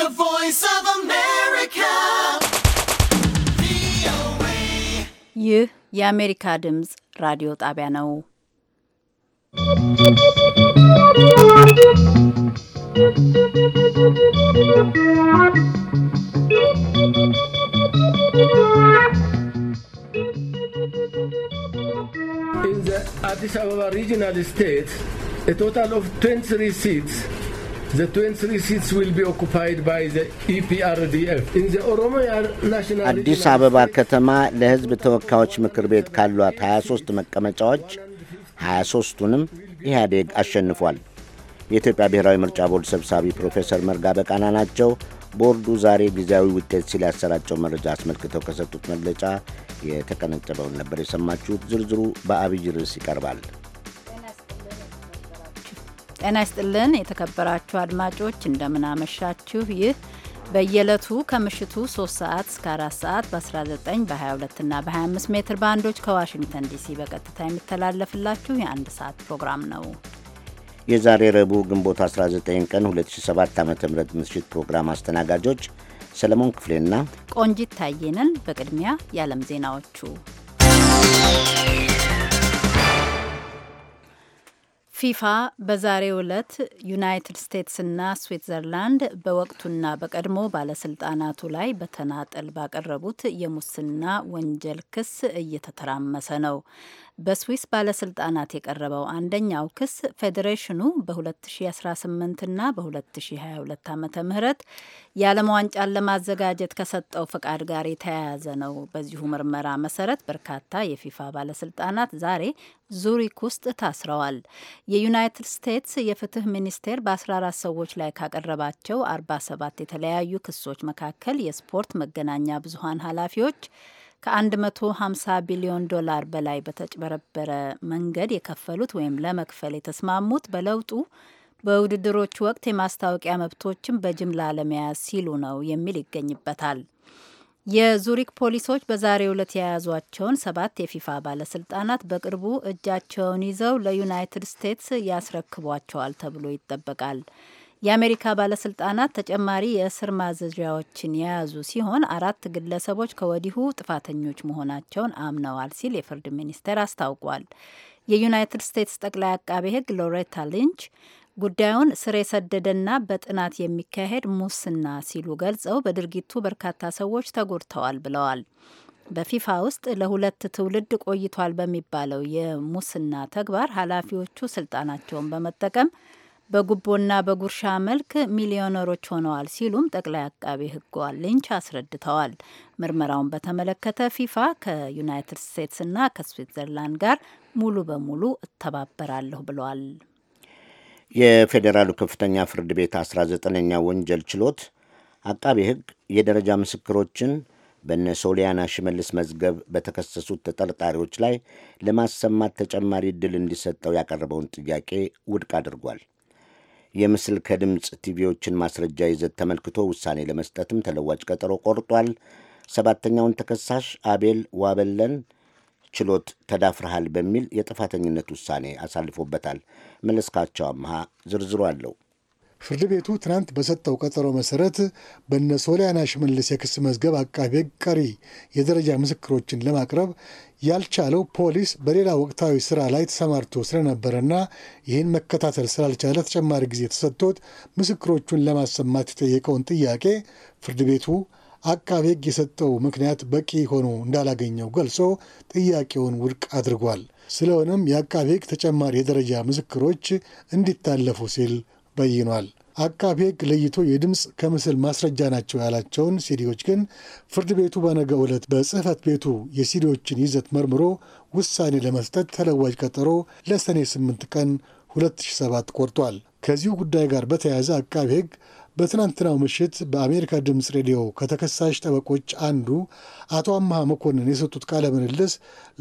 The Voice of America. ይህ የአሜሪካ ድምፅ ራዲዮ ጣቢያ ነው። In the Addis Ababa regional state, a total of 23 seats The 23 seats will be occupied by the EPRDF. In the Oromo National አዲስ አበባ ከተማ ለሕዝብ ተወካዮች ምክር ቤት ካሏት 23 መቀመጫዎች 23ቱንም ኢህአዴግ አሸንፏል። የኢትዮጵያ ብሔራዊ ምርጫ ቦርድ ሰብሳቢ ፕሮፌሰር መርጋ በቃና ናቸው። ቦርዱ ዛሬ ጊዜያዊ ውጤት ሲል ያሰራጨው መረጃ አስመልክተው ከሰጡት መግለጫ የተቀነጨበውን ነበር የሰማችሁት። ዝርዝሩ በአብይ ርዕስ ይቀርባል። ጤና ይስጥልን የተከበራችሁ አድማጮች እንደምናመሻችሁ። ይህ በየዕለቱ ከምሽቱ 3 ሰዓት እስከ 4 ሰዓት በ19 በ22 እና በ25 ሜትር ባንዶች ከዋሽንግተን ዲሲ በቀጥታ የሚተላለፍላችሁ የአንድ ሰዓት ፕሮግራም ነው። የዛሬ ረቡዕ ግንቦት 19 ቀን 2007 ዓ ም ምሽት ፕሮግራም አስተናጋጆች ሰለሞን ክፍሌና ቆንጂት ታየነን። በቅድሚያ የዓለም ዜናዎቹ ፊፋ በዛሬው ዕለት ዩናይትድ ስቴትስና ስዊትዘርላንድ በወቅቱና በቀድሞ ባለስልጣናቱ ላይ በተናጠል ባቀረቡት የሙስና ወንጀል ክስ እየተተራመሰ ነው። በስዊስ ባለስልጣናት የቀረበው አንደኛው ክስ ፌዴሬሽኑ በ2018ና በ2022 ዓ ም የዓለም ዋንጫን ለማዘጋጀት ከሰጠው ፈቃድ ጋር የተያያዘ ነው። በዚሁ ምርመራ መሰረት በርካታ የፊፋ ባለስልጣናት ዛሬ ዙሪክ ውስጥ ታስረዋል። የዩናይትድ ስቴትስ የፍትህ ሚኒስቴር በ14 ሰዎች ላይ ካቀረባቸው 47 የተለያዩ ክሶች መካከል የስፖርት መገናኛ ብዙሀን ኃላፊዎች ከ150 ቢሊዮን ዶላር በላይ በተጭበረበረ መንገድ የከፈሉት ወይም ለመክፈል የተስማሙት በለውጡ በውድድሮች ወቅት የማስታወቂያ መብቶችን በጅምላ ለመያዝ ሲሉ ነው የሚል ይገኝበታል። የዙሪክ ፖሊሶች በዛሬው ዕለት የያዟቸውን ሰባት የፊፋ ባለስልጣናት በቅርቡ እጃቸውን ይዘው ለዩናይትድ ስቴትስ ያስረክቧቸዋል ተብሎ ይጠበቃል። የአሜሪካ ባለስልጣናት ተጨማሪ የእስር ማዘዣዎችን የያዙ ሲሆን አራት ግለሰቦች ከወዲሁ ጥፋተኞች መሆናቸውን አምነዋል ሲል የፍርድ ሚኒስቴር አስታውቋል። የዩናይትድ ስቴትስ ጠቅላይ አቃቤ ሕግ ሎሬታ ሊንች ጉዳዩን ስር የሰደደና በጥናት የሚካሄድ ሙስና ሲሉ ገልጸው በድርጊቱ በርካታ ሰዎች ተጎድተዋል ብለዋል። በፊፋ ውስጥ ለሁለት ትውልድ ቆይቷል በሚባለው የሙስና ተግባር ኃላፊዎቹ ስልጣናቸውን በመጠቀም በጉቦና በጉርሻ መልክ ሚሊዮነሮች ሆነዋል ሲሉም ጠቅላይ አቃቤ ሕጉ አለንች አስረድተዋል። ምርመራውን በተመለከተ ፊፋ ከዩናይትድ ስቴትስና ከስዊትዘርላንድ ጋር ሙሉ በሙሉ እተባበራለሁ ብለዋል። የፌዴራሉ ከፍተኛ ፍርድ ቤት 19ኛ ወንጀል ችሎት አቃቤ ሕግ የደረጃ ምስክሮችን በነ ሶሊያና ሽመልስ መዝገብ በተከሰሱት ተጠርጣሪዎች ላይ ለማሰማት ተጨማሪ ድል እንዲሰጠው ያቀረበውን ጥያቄ ውድቅ አድርጓል። የምስል ከድምፅ ቲቪዎችን ማስረጃ ይዘት ተመልክቶ ውሳኔ ለመስጠትም ተለዋጭ ቀጠሮ ቆርጧል። ሰባተኛውን ተከሳሽ አቤል ዋበለን ችሎት ተዳፍረሃል በሚል የጥፋተኝነት ውሳኔ አሳልፎበታል። መለስካቸው አምሃ ዝርዝሩ አለው። ፍርድ ቤቱ ትናንት በሰጠው ቀጠሮ መሰረት በነ ሶሊያና ሽመልስ የክስ መዝገብ አቃቤ ሕግ ቀሪ የደረጃ ምስክሮችን ለማቅረብ ያልቻለው ፖሊስ በሌላ ወቅታዊ ስራ ላይ ተሰማርቶ ስለነበረና ይህን መከታተል ስላልቻለ ተጨማሪ ጊዜ ተሰጥቶት ምስክሮቹን ለማሰማት የጠየቀውን ጥያቄ ፍርድ ቤቱ አቃቤ ሕግ የሰጠው ምክንያት በቂ ሆኖ እንዳላገኘው ገልጾ ጥያቄውን ውድቅ አድርጓል። ስለሆነም የአቃቤ ሕግ ተጨማሪ የደረጃ ምስክሮች እንዲታለፉ ሲል በይኗል። አቃቤ ሕግ ለይቶ የድምፅ ከምስል ማስረጃ ናቸው ያላቸውን ሲዲዎች ግን ፍርድ ቤቱ በነገ ዕለት በጽህፈት ቤቱ የሲዲዎችን ይዘት መርምሮ ውሳኔ ለመስጠት ተለዋጅ ቀጠሮ ለሰኔ 8 ቀን 2007 ቆርጧል። ከዚሁ ጉዳይ ጋር በተያያዘ አቃቤ ሕግ በትናንትናው ምሽት በአሜሪካ ድምፅ ሬዲዮ ከተከሳሽ ጠበቆች አንዱ አቶ አምሃ መኮንን የሰጡት ቃለ ምልልስ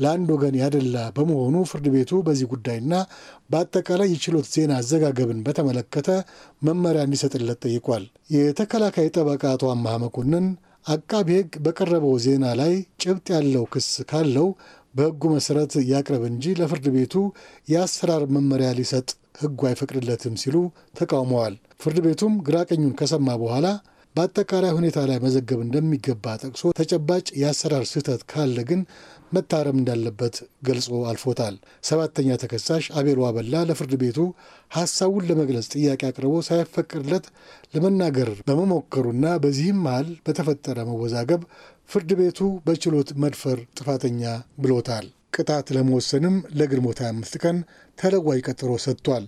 ለአንድ ወገን ያደላ በመሆኑ ፍርድ ቤቱ በዚህ ጉዳይና በአጠቃላይ የችሎት ዜና አዘጋገብን በተመለከተ መመሪያ እንዲሰጥለት ጠይቋል። የተከላካይ ጠበቃ አቶ አምሃ መኮንን አቃቢ ሕግ በቀረበው ዜና ላይ ጭብጥ ያለው ክስ ካለው በሕጉ መሠረት ያቅረብ እንጂ ለፍርድ ቤቱ የአሰራር መመሪያ ሊሰጥ ሕጉ አይፈቅድለትም ሲሉ ተቃውመዋል። ፍርድ ቤቱም ግራ ቀኙን ከሰማ በኋላ በአጠቃላይ ሁኔታ ላይ መዘገብ እንደሚገባ ጠቅሶ ተጨባጭ የአሰራር ስህተት ካለ ግን መታረም እንዳለበት ገልጾ አልፎታል። ሰባተኛ ተከሳሽ አቤል ዋበላ ለፍርድ ቤቱ ሀሳቡን ለመግለጽ ጥያቄ አቅርቦ ሳይፈቀድለት ለመናገር በመሞከሩና በዚህም መሃል በተፈጠረ መወዛገብ ፍርድ ቤቱ በችሎት መድፈር ጥፋተኛ ብሎታል። ቅጣት ለመወሰንም ለግንቦት 25 ቀን ተለዋጭ ቀጠሮ ሰጥቷል።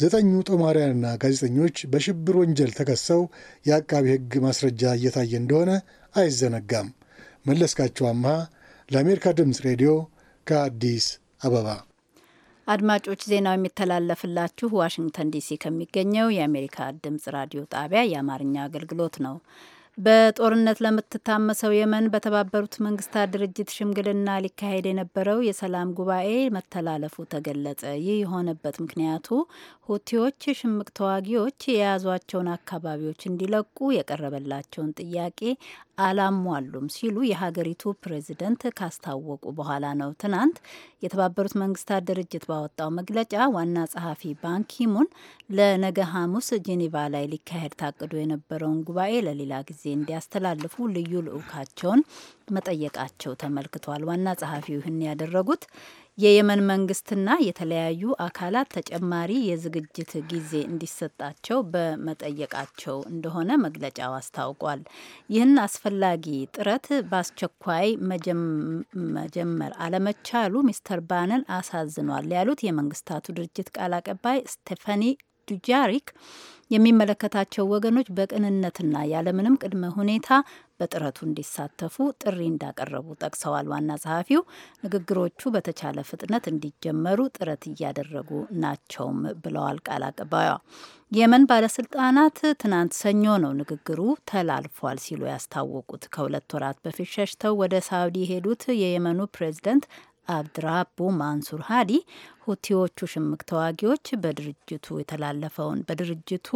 ዘጠኙ ጦማሪያንና ጋዜጠኞች በሽብር ወንጀል ተከሰው የአቃቢ ሕግ ማስረጃ እየታየ እንደሆነ አይዘነጋም። መለስካቸው አምሃ ለአሜሪካ ድምፅ ሬዲዮ ከአዲስ አበባ። አድማጮች ዜናው የሚተላለፍላችሁ ዋሽንግተን ዲሲ ከሚገኘው የአሜሪካ ድምፅ ራዲዮ ጣቢያ የአማርኛ አገልግሎት ነው። በጦርነት ለምትታመሰው የመን በተባበሩት መንግስታት ድርጅት ሽምግልና ሊካሄድ የነበረው የሰላም ጉባኤ መተላለፉ ተገለጸ። ይህ የሆነበት ምክንያቱ ሁቲዎች ሽምቅ ተዋጊዎች የያዟቸውን አካባቢዎች እንዲለቁ የቀረበላቸውን ጥያቄ አላሟሉም ሲሉ የሀገሪቱ ፕሬዚደንት ካስታወቁ በኋላ ነው። ትናንት የተባበሩት መንግስታት ድርጅት ባወጣው መግለጫ ዋና ጸሐፊ ባንኪሙን ለነገ ሐሙስ ጄኔቫ ላይ ሊካሄድ ታቅዶ የነበረውን ጉባኤ ለሌላ ጊዜ እንዲያስተላልፉ ልዩ ልዑካቸውን መጠየቃቸው ተመልክቷል። ዋና ጸሐፊው ይህን ያደረጉት የየመን መንግስትና የተለያዩ አካላት ተጨማሪ የዝግጅት ጊዜ እንዲሰጣቸው በመጠየቃቸው እንደሆነ መግለጫው አስታውቋል። ይህን አስፈላጊ ጥረት በአስቸኳይ መጀመር አለመቻሉ ሚስተር ባንን አሳዝኗል ያሉት የመንግስታቱ ድርጅት ቃል አቀባይ ስቴፋኒ ዱጃሪክ የሚመለከታቸው ወገኖች በቅንነትና ያለምንም ቅድመ ሁኔታ በጥረቱ እንዲሳተፉ ጥሪ እንዳቀረቡ ጠቅሰዋል። ዋና ጸሐፊው ንግግሮቹ በተቻለ ፍጥነት እንዲጀመሩ ጥረት እያደረጉ ናቸውም ብለዋል ቃል አቀባዩዋ። የመን ባለስልጣናት ትናንት ሰኞ ነው ንግግሩ ተላልፏል ሲሉ ያስታወቁት። ከሁለት ወራት በፊት ሸሽተው ወደ ሳውዲ የሄዱት የየመኑ ፕሬዚደንት አብድራቡ ማንሱር ሀዲ ሁቲዎቹ ሽምቅ ተዋጊዎች በድርጅቱ የተላለፈውን በድርጅቱ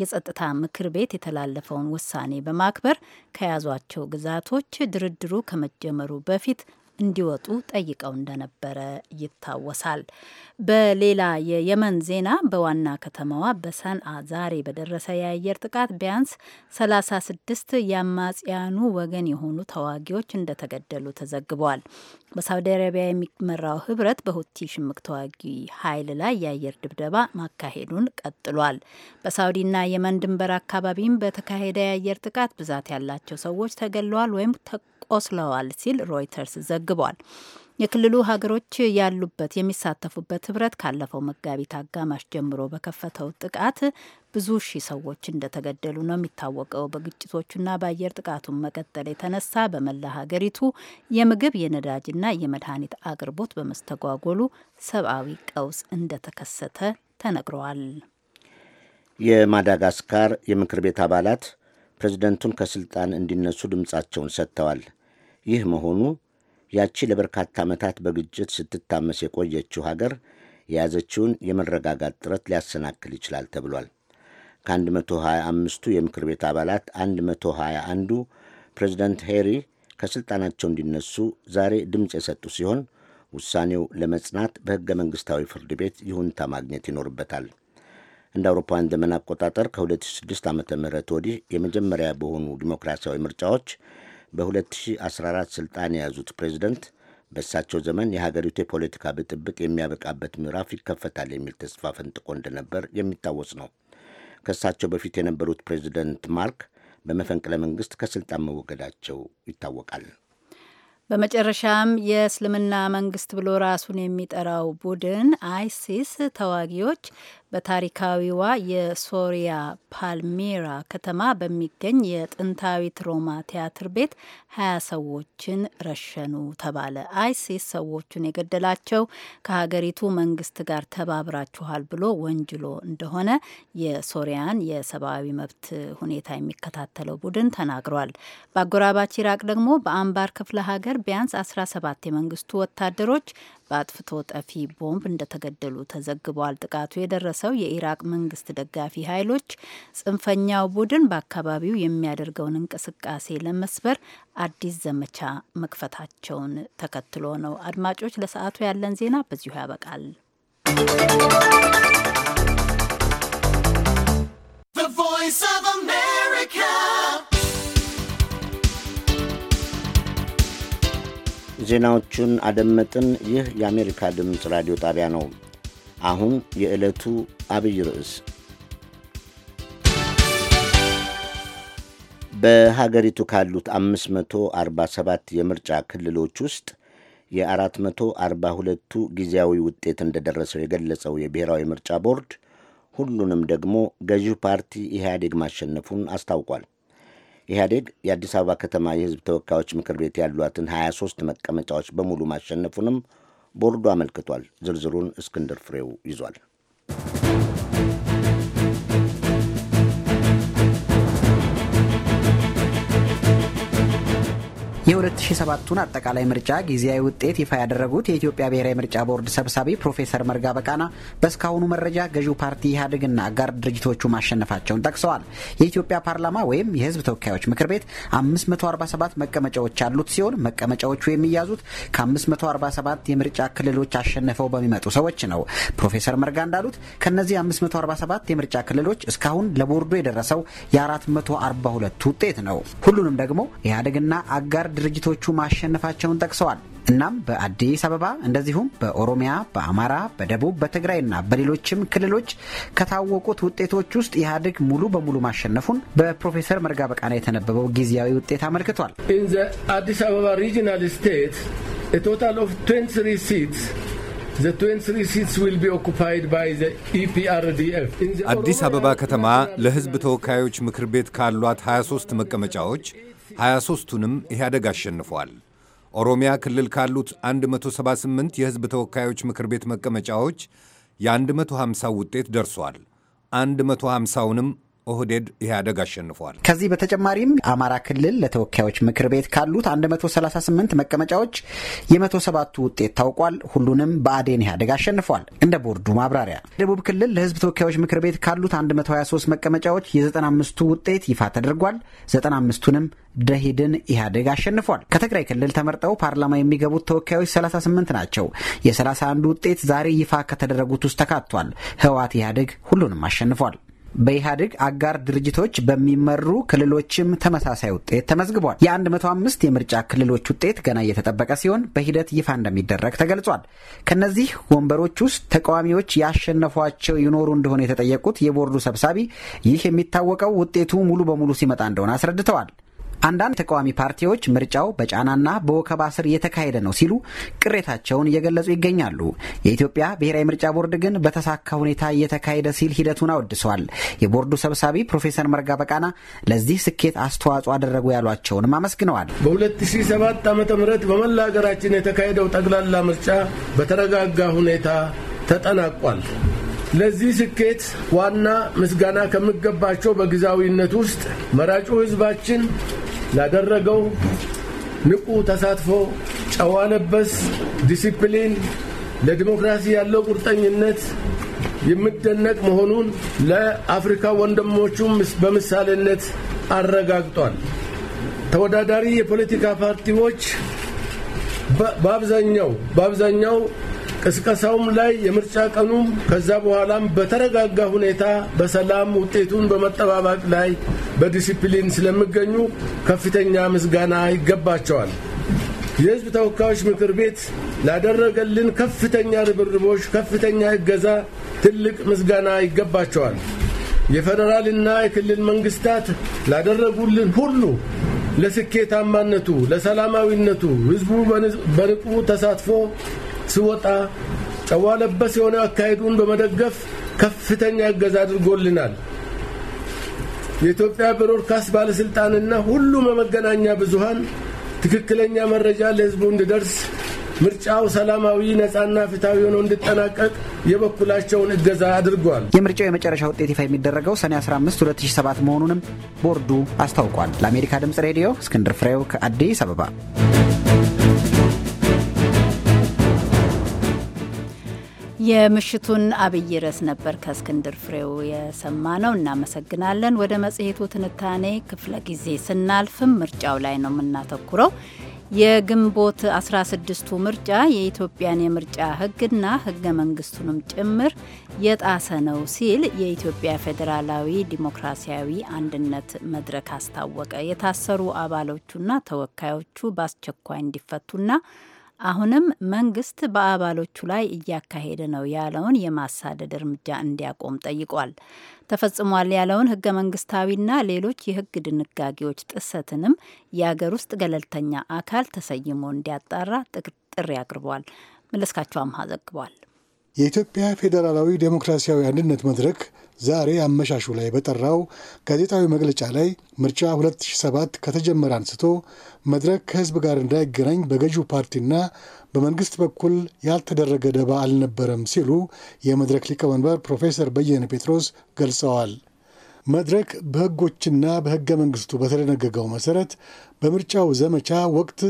የጸጥታ ምክር ቤት የተላለፈውን ውሳኔ በማክበር ከያዟቸው ግዛቶች ድርድሩ ከመጀመሩ በፊት እንዲወጡ ጠይቀው እንደነበረ ይታወሳል። በሌላ የየመን ዜና በዋና ከተማዋ በሰንአ ዛሬ በደረሰ የአየር ጥቃት ቢያንስ 36 የአማጽያኑ ወገን የሆኑ ተዋጊዎች እንደተገደሉ ተዘግቧል። በሳውዲ አረቢያ የሚመራው ህብረት በሁቲ ሽምቅ ተዋጊ ኃይል ላይ የአየር ድብደባ ማካሄዱን ቀጥሏል። በሳውዲና የመን ድንበር አካባቢም በተካሄደ የአየር ጥቃት ብዛት ያላቸው ሰዎች ተገለዋል ወይም ኦስለዋል ሲል ሮይተርስ ዘግቧል። የክልሉ ሀገሮች ያሉበት የሚሳተፉበት ህብረት ካለፈው መጋቢት አጋማሽ ጀምሮ በከፈተው ጥቃት ብዙ ሺህ ሰዎች እንደተገደሉ ነው የሚታወቀው። በግጭቶቹና በአየር ጥቃቱን መቀጠል የተነሳ በመላ ሀገሪቱ የምግብ የነዳጅና የመድኃኒት አቅርቦት በመስተጓጎሉ ሰብአዊ ቀውስ እንደተከሰተ ተነግረዋል። የማዳጋስካር የምክር ቤት አባላት ፕሬዝደንቱን ከስልጣን እንዲነሱ ድምጻቸውን ሰጥተዋል። ይህ መሆኑ ያቺ ለበርካታ ዓመታት በግጭት ስትታመስ የቆየችው ሀገር የያዘችውን የመረጋጋት ጥረት ሊያሰናክል ይችላል ተብሏል። ከ125ቱ የምክር ቤት አባላት 121ዱ ፕሬዚደንት ሄሪ ከሥልጣናቸው እንዲነሱ ዛሬ ድምፅ የሰጡ ሲሆን ውሳኔው ለመጽናት በሕገ መንግሥታዊ ፍርድ ቤት ይሁንታ ማግኘት ይኖርበታል። እንደ አውሮፓውያን ዘመን አቆጣጠር ከ2006 ዓ ም ወዲህ የመጀመሪያ በሆኑ ዲሞክራሲያዊ ምርጫዎች በ2014 ስልጣን የያዙት ፕሬዚደንት በእሳቸው ዘመን የሀገሪቱ የፖለቲካ ብጥብጥ የሚያበቃበት ምዕራፍ ይከፈታል የሚል ተስፋ ፈንጥቆ እንደነበር የሚታወስ ነው። ከእሳቸው በፊት የነበሩት ፕሬዚደንት ማርክ በመፈንቅለ መንግስት ከስልጣን መወገዳቸው ይታወቃል። በመጨረሻም የእስልምና መንግስት ብሎ ራሱን የሚጠራው ቡድን አይሲስ ተዋጊዎች በታሪካዊዋ የሶሪያ ፓልሜራ ከተማ በሚገኝ የጥንታዊት ሮማ ቲያትር ቤት ሀያ ሰዎችን ረሸኑ ተባለ። አይሲስ ሰዎቹን የገደላቸው ከሀገሪቱ መንግስት ጋር ተባብራችኋል ብሎ ወንጅሎ እንደሆነ የሶሪያን የሰብአዊ መብት ሁኔታ የሚከታተለው ቡድን ተናግሯል። በአጎራባች ኢራቅ ደግሞ በአንባር ክፍለ ሀገር ቢያንስ 17 የመንግስቱ ወታደሮች በአጥፍቶ ጠፊ ቦምብ እንደተገደሉ ተዘግቧል። ጥቃቱ የደረሰው የኢራቅ መንግስት ደጋፊ ኃይሎች ጽንፈኛው ቡድን በአካባቢው የሚያደርገውን እንቅስቃሴ ለመስበር አዲስ ዘመቻ መክፈታቸውን ተከትሎ ነው። አድማጮች፣ ለሰዓቱ ያለን ዜና በዚሁ ያበቃል። ዜናዎቹን አደመጥን። ይህ የአሜሪካ ድምፅ ራዲዮ ጣቢያ ነው። አሁን የዕለቱ አብይ ርዕስ በሀገሪቱ ካሉት 547 የምርጫ ክልሎች ውስጥ የ442ቱ ጊዜያዊ ውጤት እንደደረሰው የገለጸው የብሔራዊ ምርጫ ቦርድ ሁሉንም ደግሞ ገዢው ፓርቲ ኢህአዴግ ማሸነፉን አስታውቋል። ኢህአዴግ የአዲስ አበባ ከተማ የህዝብ ተወካዮች ምክር ቤት ያሏትን 23 መቀመጫዎች በሙሉ ማሸነፉንም ቦርዱ አመልክቷል። ዝርዝሩን እስክንድር ፍሬው ይዟል። የ2007ቱን አጠቃላይ ምርጫ ጊዜያዊ ውጤት ይፋ ያደረጉት የኢትዮጵያ ብሔራዊ ምርጫ ቦርድ ሰብሳቢ ፕሮፌሰር መርጋ በቃና በእስካሁኑ መረጃ ገዢው ፓርቲ ኢህአዴግና አጋር ድርጅቶቹ ማሸነፋቸውን ጠቅሰዋል። የኢትዮጵያ ፓርላማ ወይም የህዝብ ተወካዮች ምክር ቤት 547 መቀመጫዎች ያሉት ሲሆን መቀመጫዎቹ የሚያዙት ከ547 የምርጫ ክልሎች አሸንፈው በሚመጡ ሰዎች ነው። ፕሮፌሰር መርጋ እንዳሉት ከእነዚህ 547 የምርጫ ክልሎች እስካሁን ለቦርዱ የደረሰው የ442 ውጤት ነው። ሁሉንም ደግሞ ኢህአዴግና አጋር ድርጅ ድርጅቶቹ ማሸነፋቸውን ጠቅሰዋል። እናም በአዲስ አበባ እንደዚሁም በኦሮሚያ፣ በአማራ፣ በደቡብ፣ በትግራይና በሌሎችም ክልሎች ከታወቁት ውጤቶች ውስጥ ኢህአዴግ ሙሉ በሙሉ ማሸነፉን በፕሮፌሰር መርጋ በቃና የተነበበው ጊዜያዊ ውጤት አመልክቷል። አዲስ አበባ ሪጂናል ስቴት ቶታል ኦፍ 23 ሲትስ አዲስ አበባ ከተማ ለሕዝብ ተወካዮች ምክር ቤት ካሏት 23 መቀመጫዎች 23ቱንም ኢህአደግ አሸንፏል። ኦሮሚያ ክልል ካሉት 178 የሕዝብ ተወካዮች ምክር ቤት መቀመጫዎች የ150 ውጤት ደርሷል። 150ውንም ኦህዴድ ኢህአደግ አሸንፏል። ከዚህ በተጨማሪም አማራ ክልል ለተወካዮች ምክር ቤት ካሉት 138 መቀመጫዎች የ107ቱ ውጤት ታውቋል። ሁሉንም በአዴን ኢህአደግ አሸንፏል። እንደ ቦርዱ ማብራሪያ ደቡብ ክልል ለህዝብ ተወካዮች ምክር ቤት ካሉት 123 መቀመጫዎች የ95ቱ ውጤት ይፋ ተደርጓል። 95ቱንም ደሂድን ኢህአዴግ አሸንፏል። ከትግራይ ክልል ተመርጠው ፓርላማ የሚገቡት ተወካዮች 38 ናቸው። የ31 ውጤት ዛሬ ይፋ ከተደረጉት ውስጥ ተካቷል። ህወሓት ኢህአዴግ ሁሉንም አሸንፏል። በኢህአዴግ አጋር ድርጅቶች በሚመሩ ክልሎችም ተመሳሳይ ውጤት ተመዝግቧል። የ105 የምርጫ ክልሎች ውጤት ገና እየተጠበቀ ሲሆን በሂደት ይፋ እንደሚደረግ ተገልጿል። ከነዚህ ወንበሮች ውስጥ ተቃዋሚዎች ያሸነፏቸው ይኖሩ እንደሆነ የተጠየቁት የቦርዱ ሰብሳቢ ይህ የሚታወቀው ውጤቱ ሙሉ በሙሉ ሲመጣ እንደሆነ አስረድተዋል። አንዳንድ ተቃዋሚ ፓርቲዎች ምርጫው በጫናና በወከባ ስር እየተካሄደ ነው ሲሉ ቅሬታቸውን እየገለጹ ይገኛሉ። የኢትዮጵያ ብሔራዊ ምርጫ ቦርድ ግን በተሳካ ሁኔታ እየተካሄደ ሲል ሂደቱን አወድሷል። የቦርዱ ሰብሳቢ ፕሮፌሰር መርጋ በቃና ለዚህ ስኬት አስተዋጽኦ አደረጉ ያሏቸውንም አመስግነዋል። በ2007 ዓ ም በመላ ሀገራችን የተካሄደው ጠቅላላ ምርጫ በተረጋጋ ሁኔታ ተጠናቋል። ለዚህ ስኬት ዋና ምስጋና ከሚገባቸው በግዛዊነት ውስጥ መራጩ ህዝባችን። ላደረገው ንቁ ተሳትፎ፣ ጨዋ ለበስ ዲሲፕሊን፣ ለዲሞክራሲ ያለው ቁርጠኝነት የሚደነቅ መሆኑን ለአፍሪካ ወንድሞቹም በምሳሌነት አረጋግጧል። ተወዳዳሪ የፖለቲካ ፓርቲዎች በአብዛኛው በአብዛኛው ቅስቀሳውም ላይ የምርጫ ቀኑም ከዛ በኋላም በተረጋጋ ሁኔታ በሰላም ውጤቱን በመጠባበቅ ላይ በዲሲፕሊን ስለሚገኙ ከፍተኛ ምስጋና ይገባቸዋል። የሕዝብ ተወካዮች ምክር ቤት ላደረገልን ከፍተኛ ርብርቦች፣ ከፍተኛ እገዛ ትልቅ ምስጋና ይገባቸዋል። የፌዴራልና የክልል መንግስታት ላደረጉልን ሁሉ ለስኬታማነቱ፣ ለሰላማዊነቱ ሕዝቡ በንቁ ተሳትፎ ስወጣ ጨዋ ለበስ የሆነ አካሄዱን በመደገፍ ከፍተኛ እገዛ አድርጎልናል። የኢትዮጵያ ብሮድካስት ባለሥልጣንና ሁሉም የመገናኛ ብዙሃን ትክክለኛ መረጃ ለሕዝቡ እንዲደርስ ምርጫው ሰላማዊ ነጻና ፍትሐዊ ሆኖ እንዲጠናቀቅ የበኩላቸውን እገዛ አድርጓል። የምርጫው የመጨረሻ ውጤት ይፋ የሚደረገው ሰኔ 15 2007 መሆኑንም ቦርዱ አስታውቋል። ለአሜሪካ ድምፅ ሬዲዮ እስክንድር ፍሬው ከአዲስ አበባ የምሽቱን አብይ ርዕስ ነበር ከእስክንድር ፍሬው የሰማ ነው። እናመሰግናለን። ወደ መጽሔቱ ትንታኔ ክፍለ ጊዜ ስናልፍም ምርጫው ላይ ነው የምናተኩረው። የግንቦት 16ቱ ምርጫ የኢትዮጵያን የምርጫ ሕግና ሕገ መንግስቱንም ጭምር የጣሰ ነው ሲል የኢትዮጵያ ፌዴራላዊ ዲሞክራሲያዊ አንድነት መድረክ አስታወቀ። የታሰሩ አባሎቹና ተወካዮቹ በአስቸኳይ እንዲፈቱና አሁንም መንግስት በአባሎቹ ላይ እያካሄደ ነው ያለውን የማሳደድ እርምጃ እንዲያቆም ጠይቋል። ተፈጽሟል ያለውን ህገ መንግስታዊና ሌሎች የህግ ድንጋጌዎች ጥሰትንም የአገር ውስጥ ገለልተኛ አካል ተሰይሞ እንዲያጣራ ጥሪ አቅርቧል። መለስካቸው አምሃ ዘግቧል። የኢትዮጵያ ፌዴራላዊ ዴሞክራሲያዊ አንድነት መድረክ ዛሬ አመሻሹ ላይ በጠራው ጋዜጣዊ መግለጫ ላይ ምርጫ 2007 ከተጀመረ አንስቶ መድረክ ከህዝብ ጋር እንዳይገናኝ በገዢው ፓርቲና በመንግስት በኩል ያልተደረገ ደባ አልነበረም ሲሉ የመድረክ ሊቀመንበር ፕሮፌሰር በየነ ጴጥሮስ ገልጸዋል። መድረክ በህጎችና በህገ መንግስቱ በተደነገገው መሰረት በምርጫው ዘመቻ ወቅት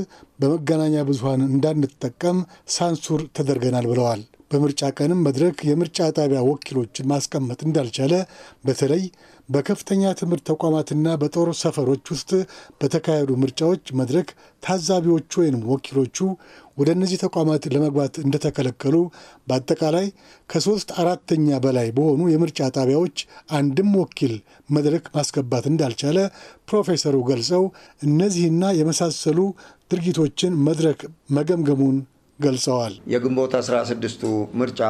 በመገናኛ ብዙሃን እንዳንጠቀም ሳንሱር ተደርገናል ብለዋል። በምርጫ ቀንም መድረክ የምርጫ ጣቢያ ወኪሎችን ማስቀመጥ እንዳልቻለ በተለይ በከፍተኛ ትምህርት ተቋማትና በጦር ሰፈሮች ውስጥ በተካሄዱ ምርጫዎች መድረክ ታዛቢዎቹ ወይም ወኪሎቹ ወደ እነዚህ ተቋማት ለመግባት እንደተከለከሉ በአጠቃላይ ከሶስት አራተኛ በላይ በሆኑ የምርጫ ጣቢያዎች አንድም ወኪል መድረክ ማስገባት እንዳልቻለ ፕሮፌሰሩ ገልጸው እነዚህና የመሳሰሉ ድርጊቶችን መድረክ መገምገሙን ገልጸዋል። የግንቦት 16ቱ ምርጫ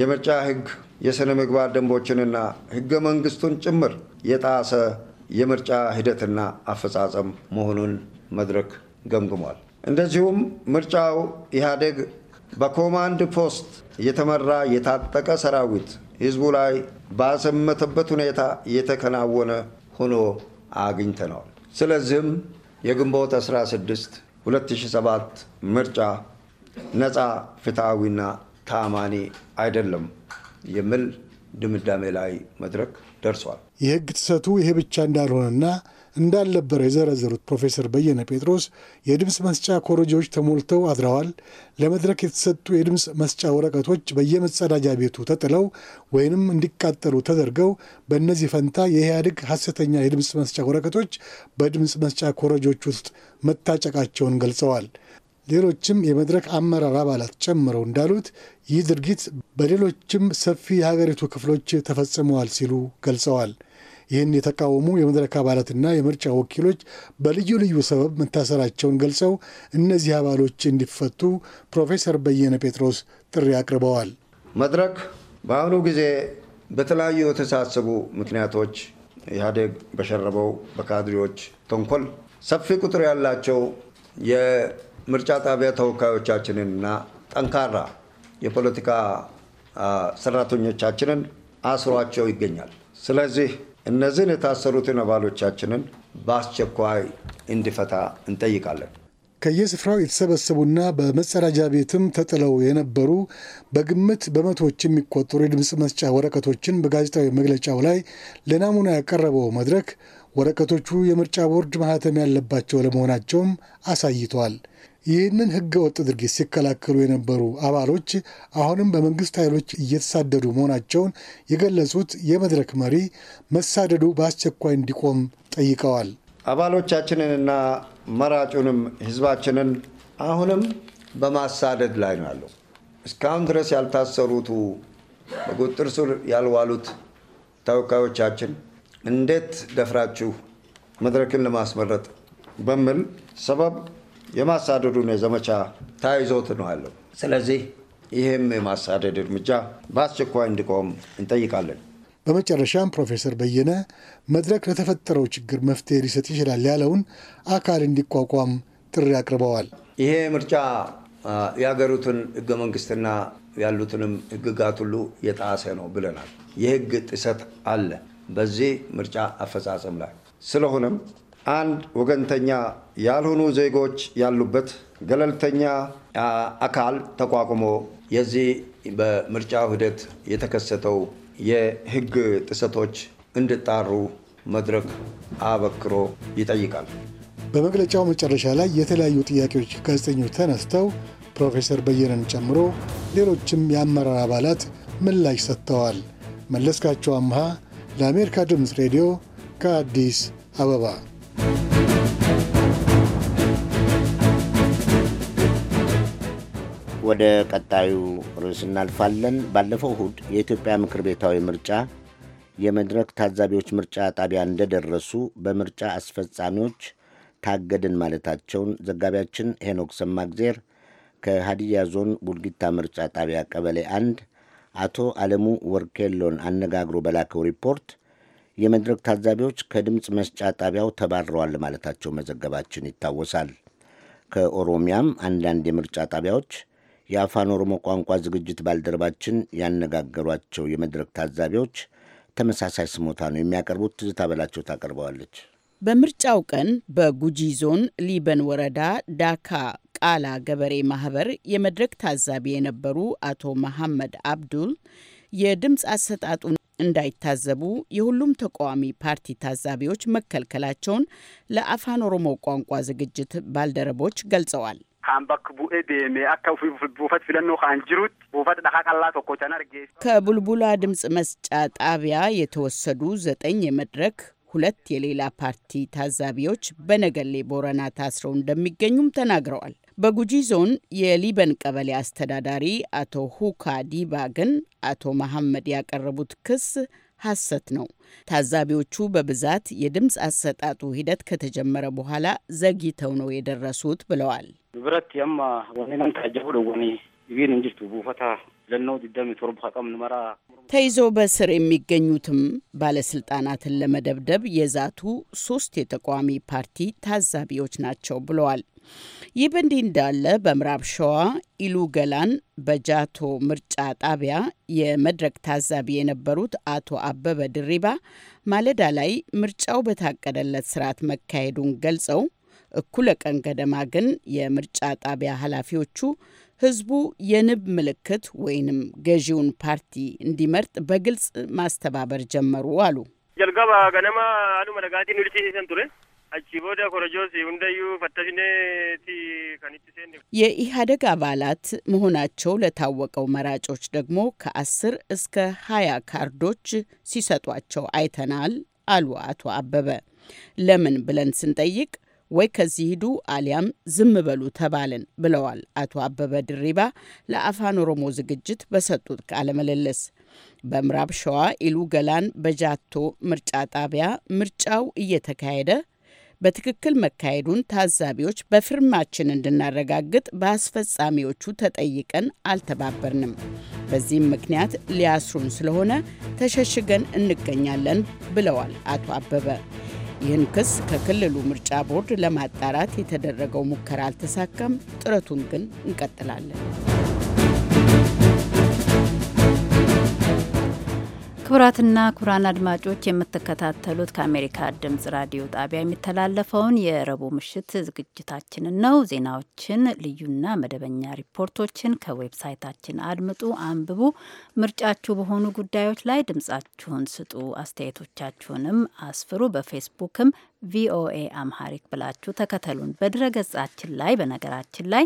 የምርጫ ህግ የሥነ ምግባር ደንቦችንና ህገ መንግስቱን ጭምር የጣሰ የምርጫ ሂደትና አፈጻጸም መሆኑን መድረክ ገምግሟል። እንደዚሁም ምርጫው ኢህአዴግ በኮማንድ ፖስት የተመራ የታጠቀ ሰራዊት ህዝቡ ላይ ባሰመተበት ሁኔታ የተከናወነ ሆኖ አግኝተነዋል። ስለዚህም የግንቦት 16 2007 ምርጫ ነፃ ፍትሐዊና ተአማኒ አይደለም የሚል ድምዳሜ ላይ መድረክ ደርሷል። የህግ ጥሰቱ ይሄ ብቻ እንዳልሆነና እንዳልነበረ የዘረዘሩት ፕሮፌሰር በየነ ጴጥሮስ የድምፅ መስጫ ኮረጆዎች ተሞልተው አድረዋል። ለመድረክ የተሰጡ የድምፅ መስጫ ወረቀቶች በየመጸዳጃ ቤቱ ተጥለው ወይንም እንዲቃጠሉ ተደርገው በእነዚህ ፈንታ የኢህአዴግ ሐሰተኛ የድምፅ መስጫ ወረቀቶች በድምፅ መስጫ ኮረጆች ውስጥ መታጨቃቸውን ገልጸዋል። ሌሎችም የመድረክ አመራር አባላት ጨምረው እንዳሉት ይህ ድርጊት በሌሎችም ሰፊ የሀገሪቱ ክፍሎች ተፈጽመዋል ሲሉ ገልጸዋል። ይህን የተቃወሙ የመድረክ አባላትና የምርጫ ወኪሎች በልዩ ልዩ ሰበብ መታሰራቸውን ገልጸው እነዚህ አባሎች እንዲፈቱ ፕሮፌሰር በየነ ጴጥሮስ ጥሪ አቅርበዋል። መድረክ በአሁኑ ጊዜ በተለያዩ የተሳሰቡ ምክንያቶች ኢህአዴግ በሸረበው በካድሬዎች ተንኮል ሰፊ ቁጥር ያላቸው ምርጫ ጣቢያ ተወካዮቻችንንና ጠንካራ የፖለቲካ ሰራተኞቻችንን አስሯቸው ይገኛል። ስለዚህ እነዚህን የታሰሩትን አባሎቻችንን በአስቸኳይ እንዲፈታ እንጠይቃለን። ከየስፍራው የተሰበሰቡና በመጸዳጃ ቤትም ተጥለው የነበሩ በግምት በመቶዎች የሚቆጠሩ የድምፅ መስጫ ወረቀቶችን በጋዜጣዊ መግለጫው ላይ ለናሙና ያቀረበው መድረክ ወረቀቶቹ የምርጫ ቦርድ ማህተም ያለባቸው ለመሆናቸውም አሳይተዋል። ይህንን ህገ ወጥ ድርጊት ሲከላከሉ የነበሩ አባሎች አሁንም በመንግስት ኃይሎች እየተሳደዱ መሆናቸውን የገለጹት የመድረክ መሪ መሳደዱ በአስቸኳይ እንዲቆም ጠይቀዋል። አባሎቻችንንና መራጩንም ህዝባችንን አሁንም በማሳደድ ላይ ነው ያለው። እስካሁን ድረስ ያልታሰሩቱ በቁጥር ስር ያልዋሉት ተወካዮቻችን እንዴት ደፍራችሁ መድረክን ለማስመረጥ በሚል ሰበብ የማሳደዱን የዘመቻ ተያይዘውት ነው ያለው። ስለዚህ ይህም የማሳደድ እርምጃ በአስቸኳይ እንዲቆም እንጠይቃለን። በመጨረሻም ፕሮፌሰር በየነ መድረክ ለተፈጠረው ችግር መፍትሄ ሊሰጥ ይችላል ያለውን አካል እንዲቋቋም ጥሪ አቅርበዋል። ይሄ ምርጫ የሀገሪቱን ህገ መንግስትና ያሉትንም ህግጋት ሁሉ የጣሰ ነው ብለናል። የህግ ጥሰት አለ በዚህ ምርጫ አፈጻጸም ላይ ስለሆነም አንድ ወገንተኛ ያልሆኑ ዜጎች ያሉበት ገለልተኛ አካል ተቋቁሞ የዚህ በምርጫው ሂደት የተከሰተው የሕግ ጥሰቶች እንዲጣሩ መድረክ አበክሮ ይጠይቃል። በመግለጫው መጨረሻ ላይ የተለያዩ ጥያቄዎች ጋዜጠኞች ተነስተው ፕሮፌሰር በየነን ጨምሮ ሌሎችም የአመራር አባላት ምላሽ ሰጥተዋል። መለስካቸው አምሃ ለአሜሪካ ድምፅ ሬዲዮ ከአዲስ አበባ ወደ ቀጣዩ ርዕስ እናልፋለን። ባለፈው እሁድ የኢትዮጵያ ምክር ቤታዊ ምርጫ የመድረክ ታዛቢዎች ምርጫ ጣቢያ እንደደረሱ በምርጫ አስፈጻሚዎች ታገድን ማለታቸውን ዘጋቢያችን ሄኖክ ሰማግዜር ከሀዲያ ዞን ቡልጊታ ምርጫ ጣቢያ ቀበሌ አንድ አቶ አለሙ ወርኬሎን አነጋግሮ በላከው ሪፖርት የመድረክ ታዛቢዎች ከድምፅ መስጫ ጣቢያው ተባረዋል ማለታቸው መዘገባችን ይታወሳል። ከኦሮሚያም አንዳንድ የምርጫ ጣቢያዎች የአፋን ኦሮሞ ቋንቋ ዝግጅት ባልደረባችን ያነጋገሯቸው የመድረክ ታዛቢዎች ተመሳሳይ ስሞታ ነው የሚያቀርቡት። ትዝታ በላቸው ታቀርበዋለች። በምርጫው ቀን በጉጂ ዞን ሊበን ወረዳ ዳካ ቃላ ገበሬ ማህበር የመድረክ ታዛቢ የነበሩ አቶ መሐመድ አብዱል የድምፅ አሰጣጡን እንዳይታዘቡ የሁሉም ተቃዋሚ ፓርቲ ታዛቢዎች መከልከላቸውን ለአፋን ኦሮሞ ቋንቋ ዝግጅት ባልደረቦች ገልጸዋል። ከቡልቡላ ድምፅ መስጫ ጣቢያ የተወሰዱ ዘጠኝ የመድረክ ሁለት የሌላ ፓርቲ ታዛቢዎች በነገሌ ቦረና ታስረው እንደሚገኙም ተናግረዋል። በጉጂ ዞን የሊበን ቀበሌ አስተዳዳሪ አቶ ሁካ ዲባ ግን አቶ መሐመድ ያቀረቡት ክስ ሐሰት ነው። ታዛቢዎቹ በብዛት የድምፅ አሰጣጡ ሂደት ከተጀመረ በኋላ ዘግይተው ነው የደረሱት ብለዋል። ተይዘው በስር የሚገኙትም ባለስልጣናትን ለመደብደብ የዛቱ ሶስት የተቃዋሚ ፓርቲ ታዛቢዎች ናቸው ብለዋል ይህ በእንዲህ እንዳለ በምዕራብ ሸዋ ኢሉ ገላን በጃቶ ምርጫ ጣቢያ የመድረክ ታዛቢ የነበሩት አቶ አበበ ድሪባ ማለዳ ላይ ምርጫው በታቀደለት ስርዓት መካሄዱን ገልጸው እኩለ ቀን ገደማ ግን የምርጫ ጣቢያ ኃላፊዎቹ ህዝቡ የንብ ምልክት ወይንም ገዢውን ፓርቲ እንዲመርጥ በግልጽ ማስተባበር ጀመሩ አሉ። ጀልጋባ ገነማ አኑመ ነጋቲ ኑልቲ ሰንቱሬ የኢህአዴግ አባላት መሆናቸው ለታወቀው መራጮች ደግሞ ከአስር እስከ ሀያ ካርዶች ሲሰጧቸው አይተናል አሉ አቶ አበበ። ለምን ብለን ስንጠይቅ ወይ ከዚህ ሂዱ አሊያም ዝም በሉ ተባልን ብለዋል አቶ አበበ ድሪባ ለአፋን ኦሮሞ ዝግጅት በሰጡት ቃለ ምልልስ። በምዕራብ ሸዋ ኢሉ ገላን በጃቶ ምርጫ ጣቢያ ምርጫው እየተካሄደ በትክክል መካሄዱን ታዛቢዎች በፊርማችን እንድናረጋግጥ በአስፈጻሚዎቹ ተጠይቀን አልተባበርንም። በዚህም ምክንያት ሊያስሩን ስለሆነ ተሸሽገን እንገኛለን ብለዋል አቶ አበበ። ይህን ክስ ከክልሉ ምርጫ ቦርድ ለማጣራት የተደረገው ሙከራ አልተሳካም። ጥረቱን ግን እንቀጥላለን። ክቡራትና ክቡራን አድማጮች የምትከታተሉት ከአሜሪካ ድምጽ ራዲዮ ጣቢያ የሚተላለፈውን የረቡዕ ምሽት ዝግጅታችንን ነው። ዜናዎችን፣ ልዩና መደበኛ ሪፖርቶችን ከዌብሳይታችን አድምጡ፣ አንብቡ። ምርጫችሁ በሆኑ ጉዳዮች ላይ ድምጻችሁን ስጡ፣ አስተያየቶቻችሁንም አስፍሩ። በፌስቡክም ቪኦኤ አምሃሪክ ብላችሁ ተከተሉን። በድረገጻችን ላይ በነገራችን ላይ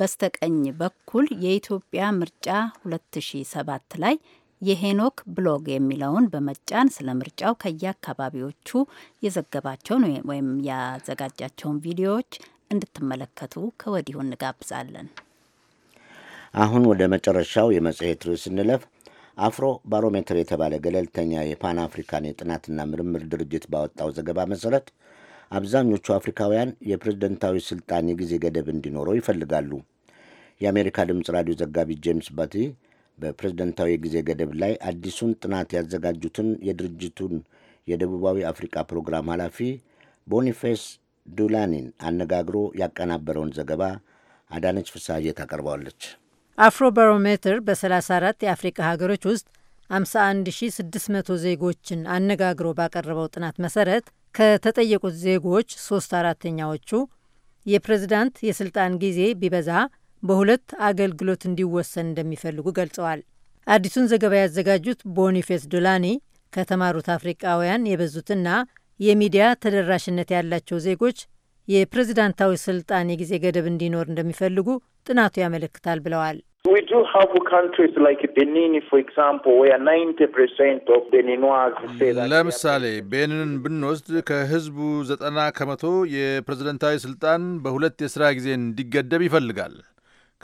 በስተቀኝ በኩል የኢትዮጵያ ምርጫ 2007 ላይ የሄኖክ ብሎግ የሚለውን በመጫን ስለ ምርጫው ከየአካባቢዎቹ የዘገባቸውን ወይም ያዘጋጃቸውን ቪዲዮዎች እንድትመለከቱ ከወዲሁ እንጋብዛለን። አሁን ወደ መጨረሻው የመጽሔት ርዕስ ስንለፍ አፍሮ ባሮሜትር የተባለ ገለልተኛ የፓን አፍሪካን የጥናትና ምርምር ድርጅት ባወጣው ዘገባ መሰረት አብዛኞቹ አፍሪካውያን የፕሬዝደንታዊ ስልጣን የጊዜ ገደብ እንዲኖረው ይፈልጋሉ። የአሜሪካ ድምፅ ራዲዮ ዘጋቢ ጄምስ ባቲ በፕሬዝደንታዊ ጊዜ ገደብ ላይ አዲሱን ጥናት ያዘጋጁትን የድርጅቱን የደቡባዊ አፍሪካ ፕሮግራም ኃላፊ ቦኒፌስ ዱላኒን አነጋግሮ ያቀናበረውን ዘገባ አዳነች ፍሳሐዬ ታቀርበዋለች። አፍሮ ባሮሜትር በ34 የአፍሪካ ሀገሮች ውስጥ 51600 ዜጎችን አነጋግሮ ባቀረበው ጥናት መሰረት ከተጠየቁት ዜጎች ሶስት አራተኛዎቹ የፕሬዝዳንት የስልጣን ጊዜ ቢበዛ በሁለት አገልግሎት እንዲወሰን እንደሚፈልጉ ገልጸዋል። አዲሱን ዘገባ ያዘጋጁት ቦኒፌስ ዶላኒ ከተማሩት አፍሪቃውያን የበዙትና የሚዲያ ተደራሽነት ያላቸው ዜጎች የፕሬዝዳንታዊ ስልጣን የጊዜ ገደብ እንዲኖር እንደሚፈልጉ ጥናቱ ያመለክታል ብለዋል። ለምሳሌ ቤኒንን ብንወስድ ከህዝቡ ዘጠና ከመቶ የፕሬዝደንታዊ ስልጣን በሁለት የስራ ጊዜ እንዲገደብ ይፈልጋል።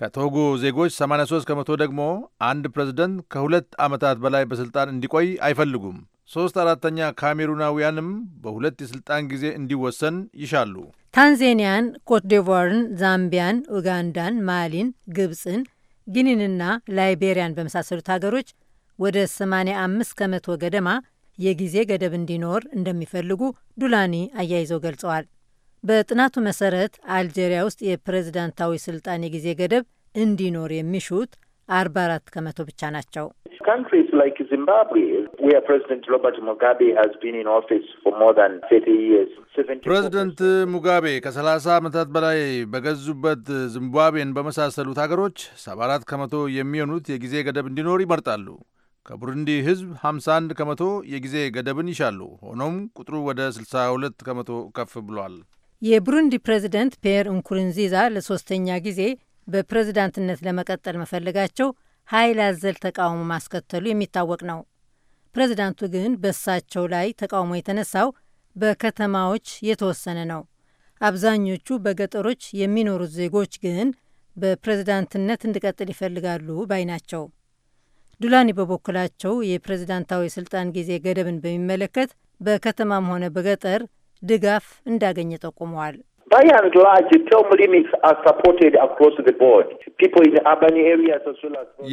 ከቶጎ ዜጎች 83 ከመቶ ደግሞ አንድ ፕሬዝደንት ከሁለት ዓመታት በላይ በሥልጣን እንዲቆይ አይፈልጉም። ሦስት አራተኛ ካሜሩናውያንም በሁለት የሥልጣን ጊዜ እንዲወሰን ይሻሉ። ታንዜኒያን፣ ኮትዲቮርን፣ ዛምቢያን፣ ኡጋንዳን፣ ማሊን፣ ግብፅን፣ ጊኒንና ላይቤሪያን በመሳሰሉት ሀገሮች ወደ 85 ከመቶ ገደማ የጊዜ ገደብ እንዲኖር እንደሚፈልጉ ዱላኒ አያይዘው ገልጸዋል። በጥናቱ መሰረት አልጄሪያ ውስጥ የፕሬዝዳንታዊ ስልጣን የጊዜ ገደብ እንዲኖር የሚሹት አርባ አራት ከመቶ ብቻ ናቸው። ፕሬዚደንት ሙጋቤ ከሰላሳ ዓመታት በላይ በገዙበት ዚምባብዌን በመሳሰሉት ሀገሮች ሰባ አራት ከመቶ የሚሆኑት የጊዜ ገደብ እንዲኖር ይመርጣሉ። ከቡሩንዲ ሕዝብ 51 ከመቶ የጊዜ ገደብን ይሻሉ። ሆኖም ቁጥሩ ወደ 62 ከመቶ ከፍ ብሏል። የብሩንዲ ፕሬዚደንት ፒየር እንኩርንዚዛ ለሶስተኛ ጊዜ በፕሬዝዳንትነት ለመቀጠል መፈለጋቸው ኃይል አዘል ተቃውሞ ማስከተሉ የሚታወቅ ነው። ፕሬዚዳንቱ ግን በእሳቸው ላይ ተቃውሞ የተነሳው በከተማዎች የተወሰነ ነው። አብዛኞቹ በገጠሮች የሚኖሩት ዜጎች ግን በፕሬዝዳንትነት እንዲቀጥል ይፈልጋሉ ባይ ናቸው። ዱላኒ በበኩላቸው የፕሬዝዳንታዊ ስልጣን ጊዜ ገደብን በሚመለከት በከተማም ሆነ በገጠር ድጋፍ እንዳገኘ ጠቁመዋል።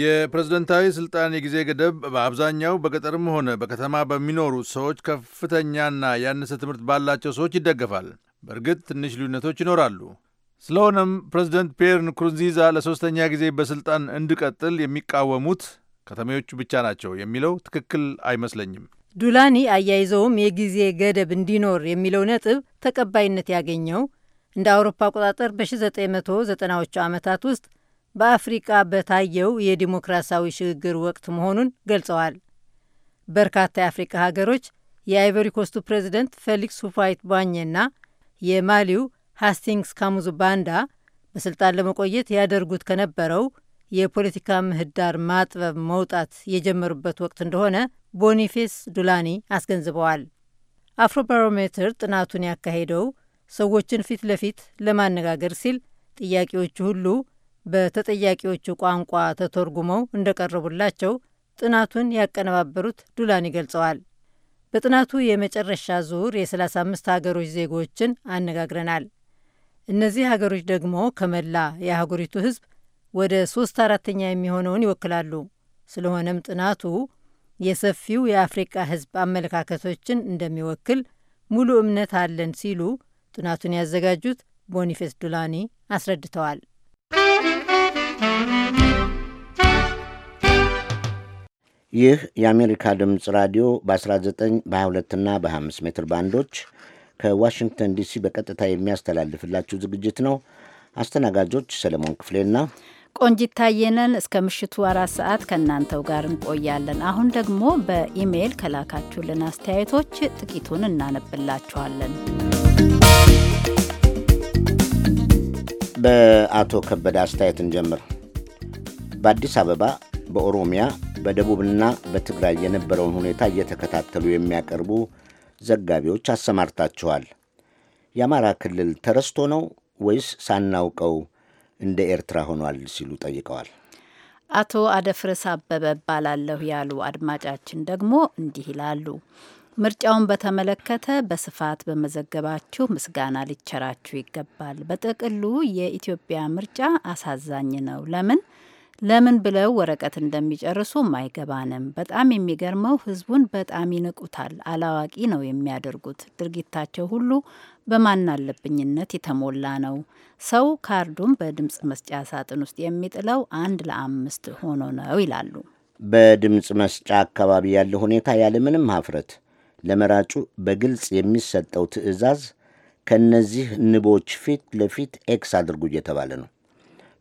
የፕሬዝደንታዊ ስልጣን የጊዜ ገደብ በአብዛኛው በገጠርም ሆነ በከተማ በሚኖሩ ሰዎች ከፍተኛና ያነሰ ትምህርት ባላቸው ሰዎች ይደገፋል። በእርግጥ ትንሽ ልዩነቶች ይኖራሉ። ስለሆነም ፕሬዝደንት ፒየር ንኩሩንዚዛ ለሶስተኛ ጊዜ በስልጣን እንዲቀጥል የሚቃወሙት ከተሜዎቹ ብቻ ናቸው የሚለው ትክክል አይመስለኝም። ዱላኒ አያይዘውም የጊዜ ገደብ እንዲኖር የሚለው ነጥብ ተቀባይነት ያገኘው እንደ አውሮፓ አቆጣጠር በ1990ዎቹ ዓመታት ውስጥ በአፍሪቃ በታየው የዲሞክራሲያዊ ሽግግር ወቅት መሆኑን ገልጸዋል። በርካታ የአፍሪቃ ሀገሮች የአይቨሪ ፕሬዚደንት ፌሊክስ ሁፋይት ቧኘና የማሊው ሃስቲንግስ ካሙዙ ባንዳ በስልጣን ለመቆየት ያደርጉት ከነበረው የፖለቲካ ምህዳር ማጥበብ መውጣት የጀመሩበት ወቅት እንደሆነ ቦኒፌስ ዱላኒ አስገንዝበዋል። አፍሮባሮሜትር ጥናቱን ያካሄደው ሰዎችን ፊት ለፊት ለማነጋገር ሲል ጥያቄዎቹ ሁሉ በተጠያቂዎቹ ቋንቋ ተተርጉመው እንደቀረቡላቸው ጥናቱን ያቀነባበሩት ዱላኒ ገልጸዋል። በጥናቱ የመጨረሻ ዙር የ35 ሀገሮች ዜጎችን አነጋግረናል። እነዚህ ሀገሮች ደግሞ ከመላ የአህጉሪቱ ሕዝብ ወደ ሶስት አራተኛ የሚሆነውን ይወክላሉ። ስለሆነም ጥናቱ የሰፊው የአፍሪቃ ህዝብ አመለካከቶችን እንደሚወክል ሙሉ እምነት አለን ሲሉ ጥናቱን ያዘጋጁት ቦኒፌስ ዱላኒ አስረድተዋል። ይህ የአሜሪካ ድምፅ ራዲዮ በ19 በ22ና በ25 ሜትር ባንዶች ከዋሽንግተን ዲሲ በቀጥታ የሚያስተላልፍላችሁ ዝግጅት ነው። አስተናጋጆች ሰለሞን ክፍሌና ቆንጂት እስከ ምሽቱ አራት ሰዓት ከእናንተው ጋር እንቆያለን። አሁን ደግሞ በኢሜይል ከላካችሁልን አስተያየቶች ጥቂቱን እናነብላችኋለን። በአቶ ከበደ አስተያየት እንጀምር። በአዲስ አበባ፣ በኦሮሚያ፣ በደቡብና በትግራይ የነበረውን ሁኔታ እየተከታተሉ የሚያቀርቡ ዘጋቢዎች አሰማርታችኋል። የአማራ ክልል ተረስቶ ነው ወይስ ሳናውቀው እንደ ኤርትራ ሆኗል ሲሉ ጠይቀዋል። አቶ አደፍርስ አበበ እባላለሁ ያሉ አድማጫችን ደግሞ እንዲህ ይላሉ። ምርጫውን በተመለከተ በስፋት በመዘገባችሁ ምስጋና ሊቸራችሁ ይገባል። በጥቅሉ የኢትዮጵያ ምርጫ አሳዛኝ ነው። ለምን ለምን ብለው ወረቀት እንደሚጨርሱ አይገባንም። በጣም የሚገርመው ህዝቡን በጣም ይንቁታል፣ አላዋቂ ነው የሚያደርጉት። ድርጊታቸው ሁሉ በማናለብኝነት የተሞላ ነው። ሰው ካርዱን በድምፅ መስጫ ሳጥን ውስጥ የሚጥለው አንድ ለአምስት ሆኖ ነው ይላሉ። በድምፅ መስጫ አካባቢ ያለው ሁኔታ ያለምንም ሀፍረት ለመራጩ በግልጽ የሚሰጠው ትዕዛዝ ከእነዚህ ንቦች ፊት ለፊት ኤክስ አድርጉ እየተባለ ነው።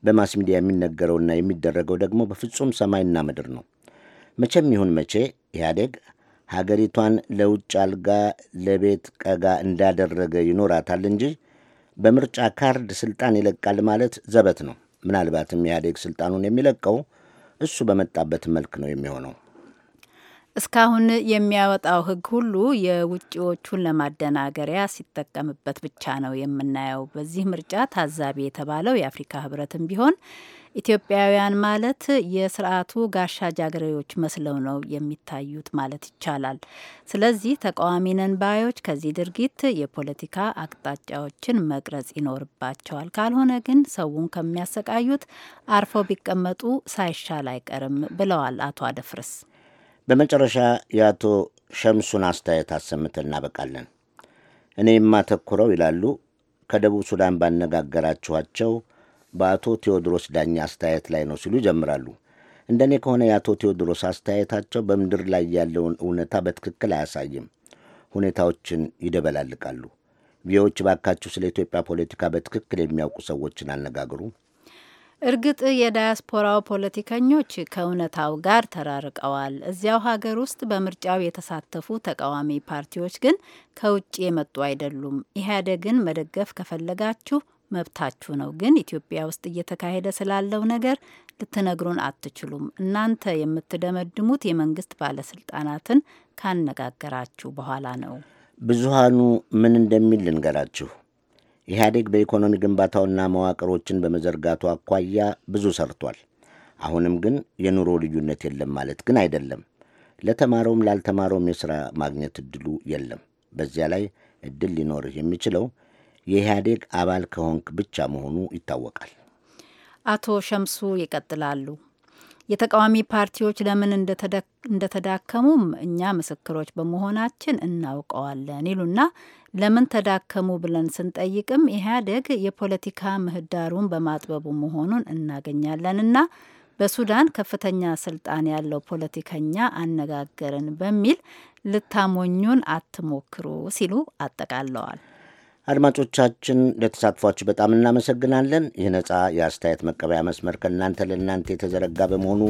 በማስ ሚዲያ የሚነገረውና የሚደረገው ደግሞ በፍጹም ሰማይና ምድር ነው። መቼም ይሁን መቼ ኢህአዴግ ሀገሪቷን ለውጭ አልጋ ለቤት ቀጋ እንዳደረገ ይኖራታል እንጂ በምርጫ ካርድ ስልጣን ይለቃል ማለት ዘበት ነው። ምናልባትም ኢህአዴግ ስልጣኑን የሚለቀው እሱ በመጣበት መልክ ነው የሚሆነው። እስካሁን የሚያወጣው ህግ ሁሉ የውጭዎቹን ለማደናገሪያ ሲጠቀምበት ብቻ ነው የምናየው። በዚህ ምርጫ ታዛቢ የተባለው የአፍሪካ ህብረትም ቢሆን ኢትዮጵያውያን ማለት የስርዓቱ ጋሻ ጃግሬዎች መስለው ነው የሚታዩት ማለት ይቻላል። ስለዚህ ተቃዋሚ ነን ባዮች ከዚህ ድርጊት የፖለቲካ አቅጣጫዎችን መቅረጽ ይኖርባቸዋል። ካልሆነ ግን ሰውን ከሚያሰቃዩት አርፈው ቢቀመጡ ሳይሻል አይቀርም ብለዋል አቶ አደፍርስ። በመጨረሻ የአቶ ሸምሱን አስተያየት አሰምተን እናበቃለን። እኔ የማተኩረው ይላሉ ከደቡብ ሱዳን ባነጋገራችኋቸው በአቶ ቴዎድሮስ ዳኛ አስተያየት ላይ ነው ሲሉ ይጀምራሉ። እንደኔ ከሆነ የአቶ ቴዎድሮስ አስተያየታቸው በምድር ላይ ያለውን እውነታ በትክክል አያሳይም፣ ሁኔታዎችን ይደበላልቃሉ። ቪዎች ባካችሁ ስለ ኢትዮጵያ ፖለቲካ በትክክል የሚያውቁ ሰዎችን አነጋግሩ። እርግጥ የዳያስፖራው ፖለቲከኞች ከእውነታው ጋር ተራርቀዋል። እዚያው ሀገር ውስጥ በምርጫው የተሳተፉ ተቃዋሚ ፓርቲዎች ግን ከውጭ የመጡ አይደሉም። ኢህአዴግን መደገፍ ከፈለጋችሁ መብታችሁ ነው። ግን ኢትዮጵያ ውስጥ እየተካሄደ ስላለው ነገር ልትነግሩን አትችሉም። እናንተ የምትደመድሙት የመንግስት ባለስልጣናትን ካነጋገራችሁ በኋላ ነው። ብዙሃኑ ምን እንደሚል ልንገራችሁ። ኢህአዴግ በኢኮኖሚ ግንባታውና መዋቅሮችን በመዘርጋቱ አኳያ ብዙ ሰርቷል። አሁንም ግን የኑሮ ልዩነት የለም ማለት ግን አይደለም። ለተማረውም ላልተማረውም የሥራ ማግኘት እድሉ የለም። በዚያ ላይ እድል ሊኖርህ የሚችለው የኢህአዴግ አባል ከሆንክ ብቻ መሆኑ ይታወቃል። አቶ ሸምሱ ይቀጥላሉ። የተቃዋሚ ፓርቲዎች ለምን እንደተዳከሙም እኛ ምስክሮች በመሆናችን እናውቀዋለን ይሉና ለምን ተዳከሙ ብለን ስንጠይቅም ኢህአዴግ የፖለቲካ ምህዳሩን በማጥበቡ መሆኑን እናገኛለንና በሱዳን ከፍተኛ ስልጣን ያለው ፖለቲከኛ አነጋገርን በሚል ልታሞኙን አትሞክሩ ሲሉ አጠቃለዋል። አድማጮቻችን ለተሳትፏችሁ በጣም እናመሰግናለን። ይህ ነፃ የአስተያየት መቀበያ መስመር ከእናንተ ለእናንተ የተዘረጋ በመሆኑ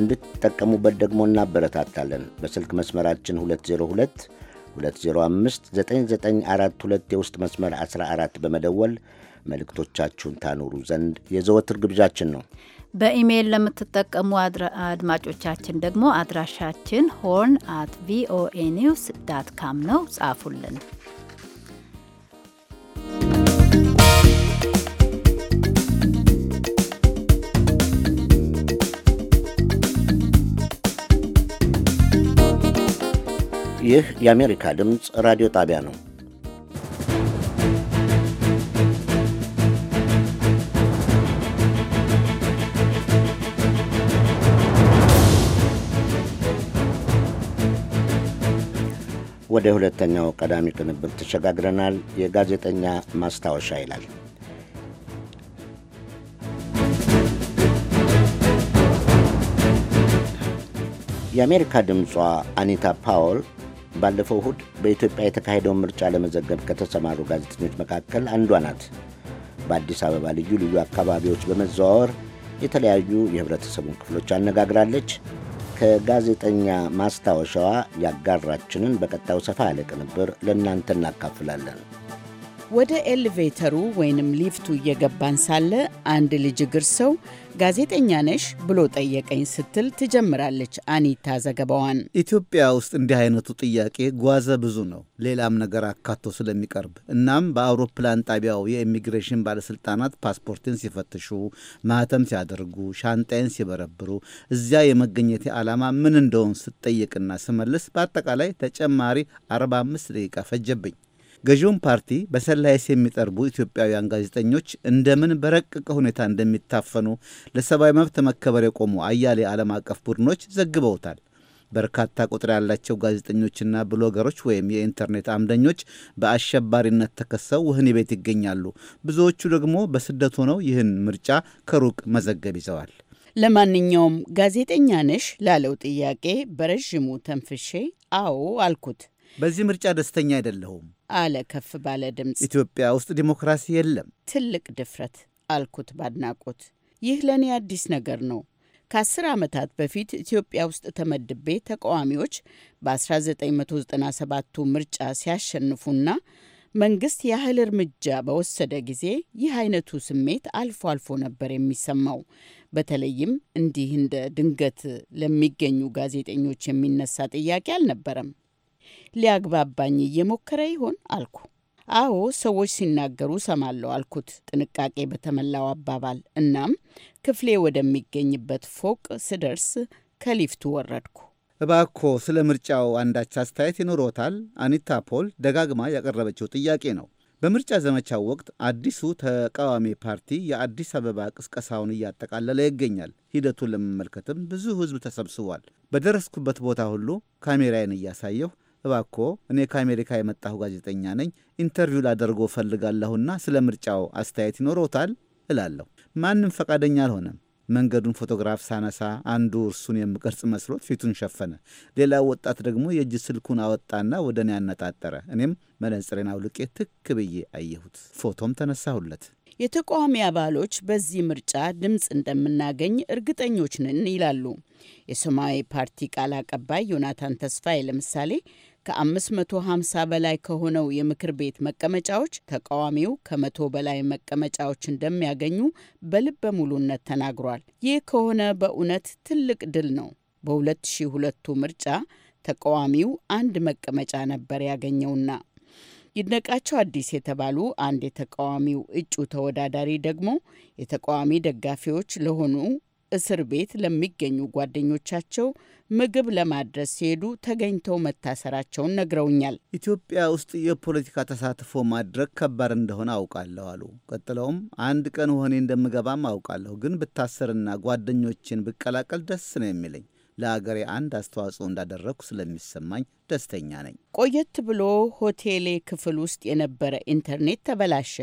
እንድትጠቀሙበት ደግሞ እናበረታታለን። በስልክ መስመራችን 2022059942 የውስጥ መስመር 14 በመደወል መልእክቶቻችሁን ታኖሩ ዘንድ የዘወትር ግብዣችን ነው። በኢሜይል ለምትጠቀሙ አድማጮቻችን ደግሞ አድራሻችን ሆርን አት ቪኦኤ ኒውስ ዳት ካም ነው። ጻፉልን። ይህ የአሜሪካ ድምፅ ራዲዮ ጣቢያ ነው። ወደ ሁለተኛው ቀዳሚ ቅንብር ተሸጋግረናል። የጋዜጠኛ ማስታወሻ ይላል። የአሜሪካ ድምጿ አኒታ ፓውል ባለፈው እሁድ በኢትዮጵያ የተካሄደውን ምርጫ ለመዘገብ ከተሰማሩ ጋዜጠኞች መካከል አንዷ ናት። በአዲስ አበባ ልዩ ልዩ አካባቢዎች በመዘዋወር የተለያዩ የህብረተሰቡን ክፍሎች አነጋግራለች። ከጋዜጠኛ ማስታወሻዋ ያጋራችንን በቀጣዩ ሰፋ ያለ ቅንብር ለእናንተ እናካፍላለን። ወደ ኤሌቬተሩ ወይንም ሊፍቱ እየገባን ሳለ አንድ ልጅ እግር ሰው ጋዜጠኛ ነሽ ብሎ ጠየቀኝ ስትል ትጀምራለች አኒታ ዘገባዋን። ኢትዮጵያ ውስጥ እንዲህ አይነቱ ጥያቄ ጓዘ ብዙ ነው፣ ሌላም ነገር አካቶ ስለሚቀርብ እናም በአውሮፕላን ጣቢያው የኢሚግሬሽን ባለሥልጣናት ፓስፖርትን ሲፈትሹ፣ ማህተም ሲያደርጉ፣ ሻንጣይን ሲበረብሩ፣ እዚያ የመገኘት ዓላማ ምን እንደሆን ስጠየቅና ስመልስ በአጠቃላይ ተጨማሪ 45 ደቂቃ ፈጀብኝ። ገዢውን ፓርቲ በሰላይስ የሚጠርቡ ኢትዮጵያውያን ጋዜጠኞች እንደምን በረቀቀ ሁኔታ እንደሚታፈኑ ለሰብአዊ መብት መከበር የቆሙ አያሌ ዓለም አቀፍ ቡድኖች ዘግበውታል። በርካታ ቁጥር ያላቸው ጋዜጠኞችና ብሎገሮች ወይም የኢንተርኔት አምደኞች በአሸባሪነት ተከሰው ወህኒ ቤት ይገኛሉ። ብዙዎቹ ደግሞ በስደት ሆነው ይህን ምርጫ ከሩቅ መዘገብ ይዘዋል። ለማንኛውም ጋዜጠኛ ነሽ ላለው ጥያቄ በረዥሙ ተንፍሼ አዎ አልኩት። በዚህ ምርጫ ደስተኛ አይደለሁም። አለ ከፍ ባለ ድምፅ። ኢትዮጵያ ውስጥ ዲሞክራሲ የለም። ትልቅ ድፍረት አልኩት ባድናቆት። ይህ ለእኔ አዲስ ነገር ነው። ከአስር ዓመታት በፊት ኢትዮጵያ ውስጥ ተመድቤ ተቃዋሚዎች በ1997ቱ ምርጫ ሲያሸንፉና መንግስት ያህል እርምጃ በወሰደ ጊዜ ይህ አይነቱ ስሜት አልፎ አልፎ ነበር የሚሰማው። በተለይም እንዲህ እንደ ድንገት ለሚገኙ ጋዜጠኞች የሚነሳ ጥያቄ አልነበረም። ሊያግባባኝ እየሞከረ ይሆን አልኩ። አዎ ሰዎች ሲናገሩ ሰማለሁ አልኩት ጥንቃቄ በተሞላው አባባል። እናም ክፍሌ ወደሚገኝበት ፎቅ ስደርስ ከሊፍቱ ወረድኩ። እባክዎ ስለ ምርጫው አንዳች አስተያየት ይኖሮታል? አኒታ ፖል ደጋግማ ያቀረበችው ጥያቄ ነው። በምርጫ ዘመቻው ወቅት አዲሱ ተቃዋሚ ፓርቲ የአዲስ አበባ ቅስቀሳውን እያጠቃለለ ይገኛል። ሂደቱን ለመመልከትም ብዙ ሕዝብ ተሰብስቧል። በደረስኩበት ቦታ ሁሉ ካሜራዬን እያሳየሁ እባኮ እኔ ከአሜሪካ የመጣሁ ጋዜጠኛ ነኝ፣ ኢንተርቪው ላደርጎ ፈልጋለሁና ስለ ምርጫው አስተያየት ይኖረውታል እላለሁ። ማንም ፈቃደኛ አልሆነም። መንገዱን ፎቶግራፍ ሳነሳ አንዱ እርሱን የምቀርጽ መስሎት ፊቱን ሸፈነ። ሌላው ወጣት ደግሞ የእጅ ስልኩን አወጣና ወደ እኔ አነጣጠረ። እኔም መነጽሬን አውልቄ ትክ ብዬ አየሁት። ፎቶም ተነሳሁለት። የተቃዋሚ አባሎች በዚህ ምርጫ ድምፅ እንደምናገኝ እርግጠኞች ነን ይላሉ። የሰማያዊ ፓርቲ ቃል አቀባይ ዮናታን ተስፋዬ ለምሳሌ ከ550 በላይ ከሆነው የምክር ቤት መቀመጫዎች ተቃዋሚው ከመቶ በላይ መቀመጫዎች እንደሚያገኙ በልበ ሙሉነት ተናግሯል። ይህ ከሆነ በእውነት ትልቅ ድል ነው። በ2002ቱ ምርጫ ተቃዋሚው አንድ መቀመጫ ነበር ያገኘውና ይድነቃቸው አዲስ የተባሉ አንድ የተቃዋሚው እጩ ተወዳዳሪ ደግሞ የተቃዋሚ ደጋፊዎች ለሆኑ እስር ቤት ለሚገኙ ጓደኞቻቸው ምግብ ለማድረስ ሲሄዱ ተገኝተው መታሰራቸውን ነግረውኛል። ኢትዮጵያ ውስጥ የፖለቲካ ተሳትፎ ማድረግ ከባድ እንደሆነ አውቃለሁ አሉ። ቀጥለውም አንድ ቀን ሆኔ እንደምገባም አውቃለሁ፣ ግን ብታሰርና ጓደኞችን ብቀላቀል ደስ ነው የሚለኝ። ለአገሬ አንድ አስተዋጽኦ እንዳደረግኩ ስለሚሰማኝ ደስተኛ ነኝ። ቆየት ብሎ ሆቴሌ ክፍል ውስጥ የነበረ ኢንተርኔት ተበላሸ።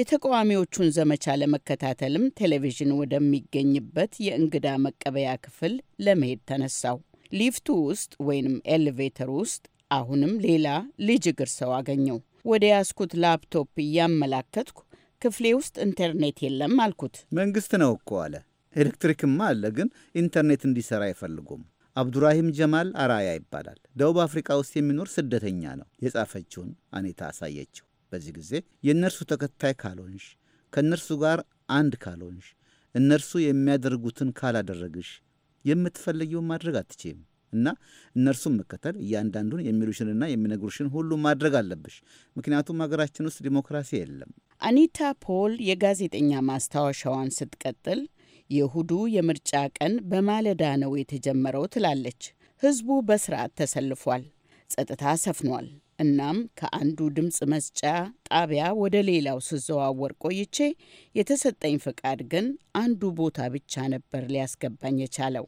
የተቃዋሚዎቹን ዘመቻ ለመከታተልም ቴሌቪዥን ወደሚገኝበት የእንግዳ መቀበያ ክፍል ለመሄድ ተነሳው። ሊፍቱ ውስጥ ወይንም ኤሌቬተር ውስጥ አሁንም ሌላ ልጅ እግር ሰው አገኘው። ወደ ያስኩት ላፕቶፕ እያመላከትኩ ክፍሌ ውስጥ ኢንተርኔት የለም አልኩት። መንግስት ነው እኮ አለ። ኤሌክትሪክማ አለ፣ ግን ኢንተርኔት እንዲሠራ አይፈልጉም። አብዱራሂም ጀማል አራያ ይባላል። ደቡብ አፍሪካ ውስጥ የሚኖር ስደተኛ ነው። የጻፈችውን አኔታ አሳየችው። በዚህ ጊዜ የእነርሱ ተከታይ ካልሆንሽ፣ ከእነርሱ ጋር አንድ ካልሆንሽ፣ እነርሱ የሚያደርጉትን ካላደረግሽ የምትፈልጊውን ማድረግ አትችም እና እነርሱን መከተል እያንዳንዱን የሚሉሽንና የሚነግሩሽን ሁሉ ማድረግ አለብሽ። ምክንያቱም ሀገራችን ውስጥ ዲሞክራሲ የለም። አኒታ ፖል የጋዜጠኛ ማስታወሻዋን ስትቀጥል የእሁዱ የምርጫ ቀን በማለዳ ነው የተጀመረው ትላለች። ህዝቡ በስርዓት ተሰልፏል፣ ጸጥታ ሰፍኗል። እናም ከአንዱ ድምፅ መስጫ ጣቢያ ወደ ሌላው ስዘዋወር ቆይቼ የተሰጠኝ ፈቃድ ግን አንዱ ቦታ ብቻ ነበር ሊያስገባኝ የቻለው።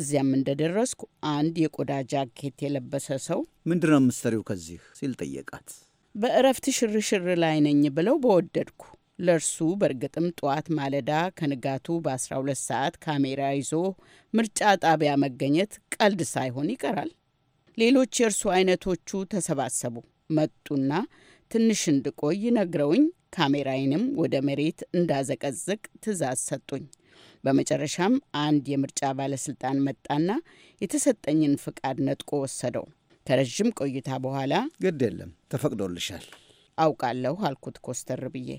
እዚያም እንደደረስኩ አንድ የቆዳ ጃኬት የለበሰ ሰው ምንድነው የምትሰሪው ከዚህ ሲል ጠየቃት። በእረፍት ሽርሽር ላይ ነኝ ብለው በወደድኩ ለእርሱ በእርግጥም ጠዋት ማለዳ ከንጋቱ በ12 ሰዓት ካሜራ ይዞ ምርጫ ጣቢያ መገኘት ቀልድ ሳይሆን ይቀራል። ሌሎች የእርሱ አይነቶቹ ተሰባሰቡ መጡና ትንሽ እንድቆይ ነግረውኝ ካሜራዬንም ወደ መሬት እንዳዘቀዝቅ ትዕዛዝ ሰጡኝ። በመጨረሻም አንድ የምርጫ ባለስልጣን መጣና የተሰጠኝን ፍቃድ ነጥቆ ወሰደው። ከረዥም ቆይታ በኋላ ግድ የለም ተፈቅዶልሻል አውቃለሁ አልኩት ኮስተር ብዬ።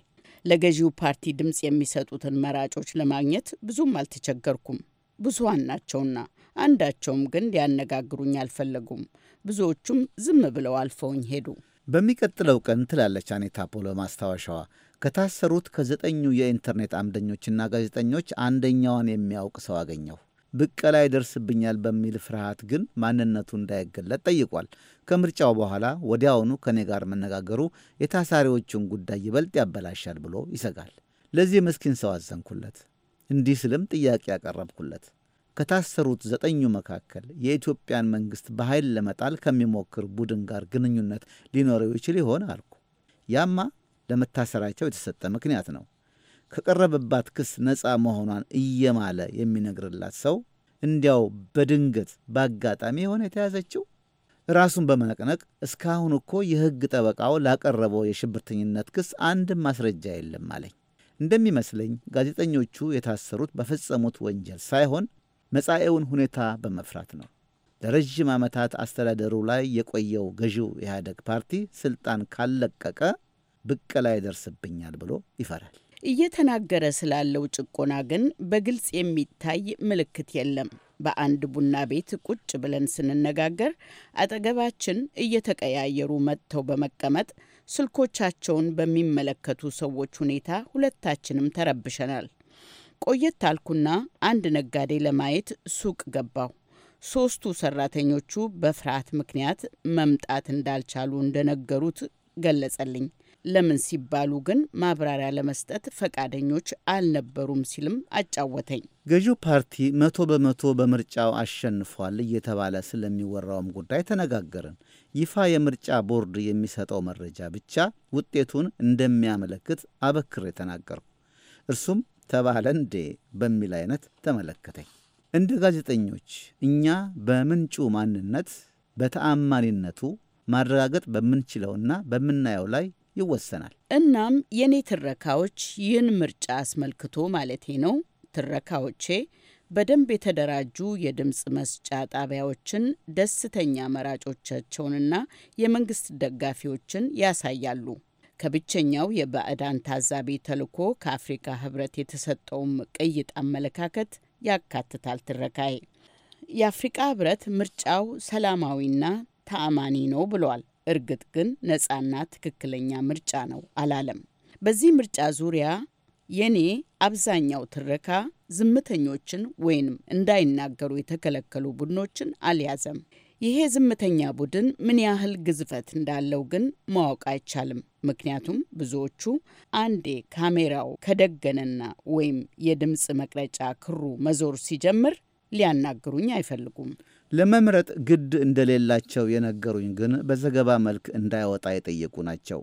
ለገዢው ፓርቲ ድምፅ የሚሰጡትን መራጮች ለማግኘት ብዙም አልተቸገርኩም። ብዙሀን ናቸውና አንዳቸውም ግን ሊያነጋግሩኝ አልፈለጉም። ብዙዎቹም ዝም ብለው አልፈውኝ ሄዱ። በሚቀጥለው ቀን ትላለች አኔታ ፖሎ ማስታወሻዋ፣ ከታሰሩት ከዘጠኙ የኢንተርኔት አምደኞችና ጋዜጠኞች አንደኛዋን የሚያውቅ ሰው አገኘሁ። ብቀላ ይደርስብኛል በሚል ፍርሃት ግን ማንነቱ እንዳይገለጥ ጠይቋል። ከምርጫው በኋላ ወዲያውኑ ከእኔ ጋር መነጋገሩ የታሳሪዎቹን ጉዳይ ይበልጥ ያበላሻል ብሎ ይሰጋል። ለዚህ ምስኪን ሰው አዘንኩለት። እንዲህ ስልም ጥያቄ ያቀረብኩለት ከታሰሩት ዘጠኙ መካከል የኢትዮጵያን መንግሥት በኃይል ለመጣል ከሚሞክር ቡድን ጋር ግንኙነት ሊኖረው ይችል ይሆን አልኩ። ያማ ለመታሰራቸው የተሰጠ ምክንያት ነው። ከቀረበባት ክስ ነፃ መሆኗን እየማለ የሚነግርላት ሰው እንዲያው በድንገት በአጋጣሚ የሆነ የተያዘችው ራሱን በመነቅነቅ እስካሁን እኮ የሕግ ጠበቃው ላቀረበው የሽብርተኝነት ክስ አንድም ማስረጃ የለም አለኝ። እንደሚመስለኝ ጋዜጠኞቹ የታሰሩት በፈጸሙት ወንጀል ሳይሆን መጻኤውን ሁኔታ በመፍራት ነው። ለረዥም ዓመታት አስተዳደሩ ላይ የቆየው ገዢው ኢህአደግ ፓርቲ ስልጣን ካለቀቀ ብቀላ ይደርስብኛል ብሎ ይፈራል። እየተናገረ ስላለው ጭቆና ግን በግልጽ የሚታይ ምልክት የለም። በአንድ ቡና ቤት ቁጭ ብለን ስንነጋገር አጠገባችን እየተቀያየሩ መጥተው በመቀመጥ ስልኮቻቸውን በሚመለከቱ ሰዎች ሁኔታ ሁለታችንም ተረብሸናል። ቆየት አልኩና አንድ ነጋዴ ለማየት ሱቅ ገባሁ። ሶስቱ ሰራተኞቹ በፍርሃት ምክንያት መምጣት እንዳልቻሉ እንደነገሩት ገለጸልኝ። ለምን ሲባሉ ግን ማብራሪያ ለመስጠት ፈቃደኞች አልነበሩም ሲልም አጫወተኝ። ገዢው ፓርቲ መቶ በመቶ በምርጫው አሸንፏል እየተባለ ስለሚወራውም ጉዳይ ተነጋገርን። ይፋ የምርጫ ቦርድ የሚሰጠው መረጃ ብቻ ውጤቱን እንደሚያመለክት አበክሬ ተናገርኩ። እርሱም ተባለ እንዴ በሚል አይነት ተመለከተኝ። እንደ ጋዜጠኞች እኛ በምንጩ ማንነት በተአማኒነቱ ማረጋገጥ በምንችለውና በምናየው ላይ ይወሰናል። እናም የኔ ትረካዎች ይህን ምርጫ አስመልክቶ ማለቴ ነው። ትረካዎቼ በደንብ የተደራጁ የድምፅ መስጫ ጣቢያዎችን፣ ደስተኛ መራጮቻቸውንና የመንግስት ደጋፊዎችን ያሳያሉ። ከብቸኛው የባዕዳን ታዛቢ ተልኮ ከአፍሪካ ህብረት የተሰጠውም ቅይጥ አመለካከት ያካትታል። ትረካዬ የአፍሪቃ ህብረት ምርጫው ሰላማዊና ተአማኒ ነው ብሏል። እርግጥ ግን ነፃና ትክክለኛ ምርጫ ነው አላለም። በዚህ ምርጫ ዙሪያ የኔ አብዛኛው ትረካ ዝምተኞችን ወይንም እንዳይናገሩ የተከለከሉ ቡድኖችን አልያዘም። ይሄ ዝምተኛ ቡድን ምን ያህል ግዝፈት እንዳለው ግን ማወቅ አይቻልም። ምክንያቱም ብዙዎቹ አንዴ ካሜራው ከደገነና ወይም የድምፅ መቅረጫ ክሩ መዞር ሲጀምር ሊያናግሩኝ አይፈልጉም። ለመምረጥ ግድ እንደሌላቸው የነገሩኝ ግን በዘገባ መልክ እንዳይወጣ የጠየቁ ናቸው።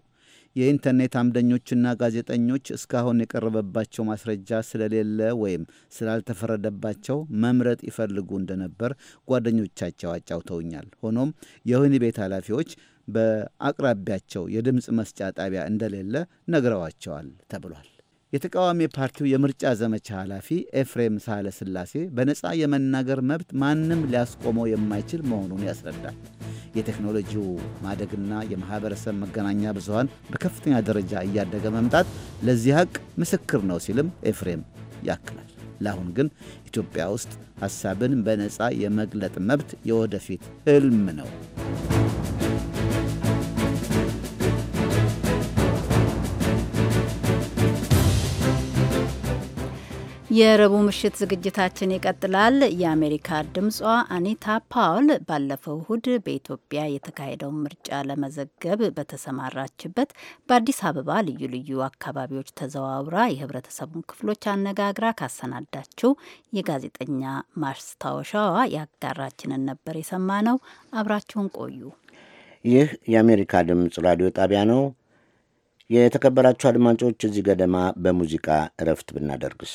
የኢንተርኔት አምደኞችና ጋዜጠኞች እስካሁን የቀረበባቸው ማስረጃ ስለሌለ ወይም ስላልተፈረደባቸው መምረጥ ይፈልጉ እንደነበር ጓደኞቻቸው አጫውተውኛል። ሆኖም የወህኒ ቤት ኃላፊዎች በአቅራቢያቸው የድምፅ መስጫ ጣቢያ እንደሌለ ነግረዋቸዋል ተብሏል። የተቃዋሚ ፓርቲው የምርጫ ዘመቻ ኃላፊ ኤፍሬም ሳለስላሴ ሥላሴ በነፃ የመናገር መብት ማንም ሊያስቆመው የማይችል መሆኑን ያስረዳል። የቴክኖሎጂው ማደግና የማኅበረሰብ መገናኛ ብዙሃን በከፍተኛ ደረጃ እያደገ መምጣት ለዚህ ሀቅ ምስክር ነው ሲልም ኤፍሬም ያክላል። ለአሁን ግን ኢትዮጵያ ውስጥ ሐሳብን በነፃ የመግለጥ መብት የወደፊት ሕልም ነው። የረቡዕ ምሽት ዝግጅታችን ይቀጥላል። የአሜሪካ ድምጿ አኒታ ፓውል ባለፈው እሁድ በኢትዮጵያ የተካሄደውን ምርጫ ለመዘገብ በተሰማራችበት በአዲስ አበባ ልዩ ልዩ አካባቢዎች ተዘዋውራ የህብረተሰቡን ክፍሎች አነጋግራ ካሰናዳችው የጋዜጠኛ ማስታወሻዋ ያጋራችንን ነበር የሰማ ነው አብራችሁን ቆዩ። ይህ የአሜሪካ ድምፅ ራዲዮ ጣቢያ ነው። የተከበራችሁ አድማጮች፣ እዚህ ገደማ በሙዚቃ እረፍት ብናደርግስ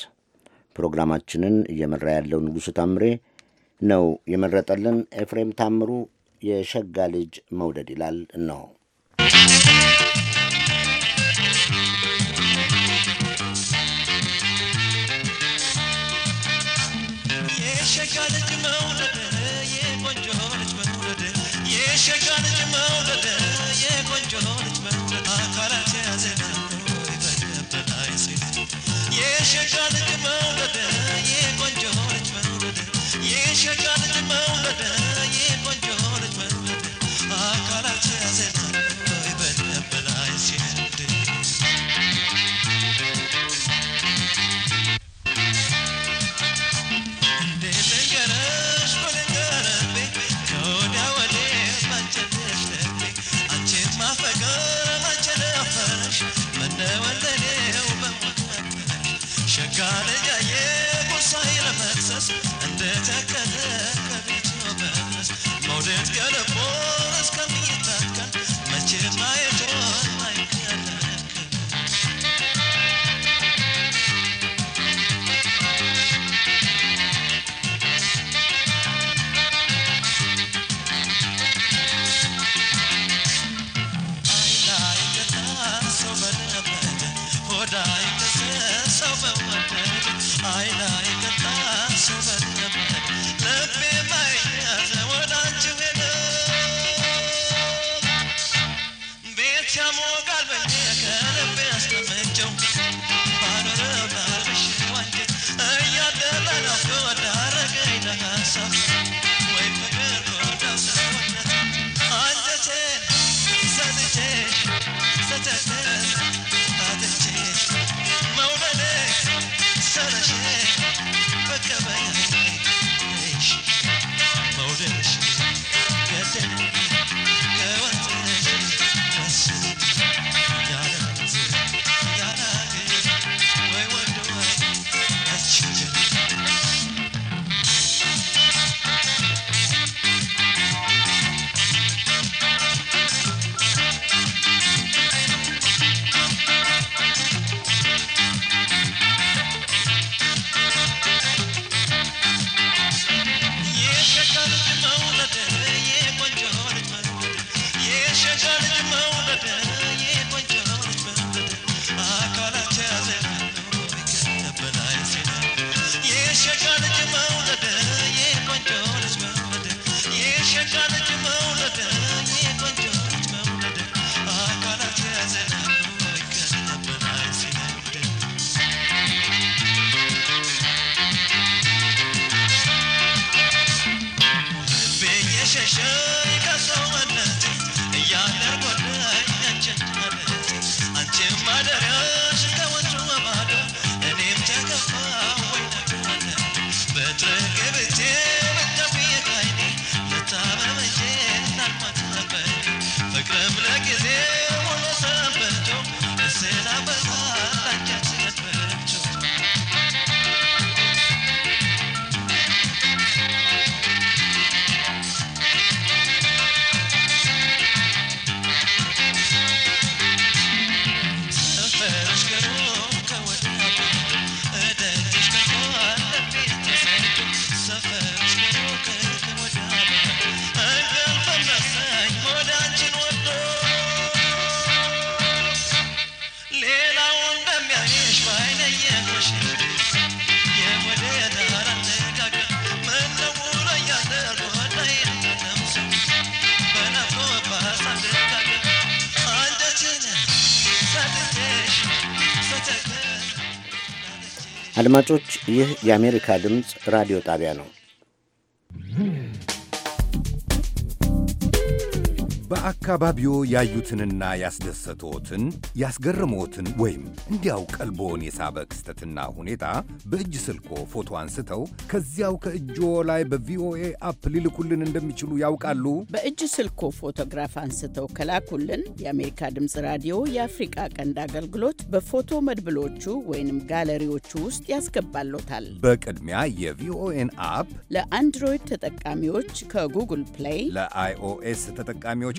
ፕሮግራማችንን እየመራ ያለው ንጉሥ ታምሬ ነው የመረጠልን። ኤፍሬም ታምሩ የሸጋ ልጅ መውደድ ይላል ነው። የሸጋ ልጅ አድማጮች ይህ የአሜሪካ ድምፅ ራዲዮ ጣቢያ ነው። በአካባቢዎ ያዩትንና ያስደሰቶትን ያስገርሞትን ወይም እንዲያው ቀልቦን የሳበ ክስተትና ሁኔታ በእጅ ስልኮ ፎቶ አንስተው ከዚያው ከእጆ ላይ በቪኦኤ አፕ ሊልኩልን እንደሚችሉ ያውቃሉ? በእጅ ስልኮ ፎቶግራፍ አንስተው ከላኩልን የአሜሪካ ድምፅ ራዲዮ የአፍሪቃ ቀንድ አገልግሎት በፎቶ መድብሎቹ ወይንም ጋለሪዎቹ ውስጥ ያስገባሎታል። በቅድሚያ የቪኦኤን አፕ ለአንድሮይድ ተጠቃሚዎች ከጉግል ፕሌይ፣ ለአይኦኤስ ተጠቃሚዎች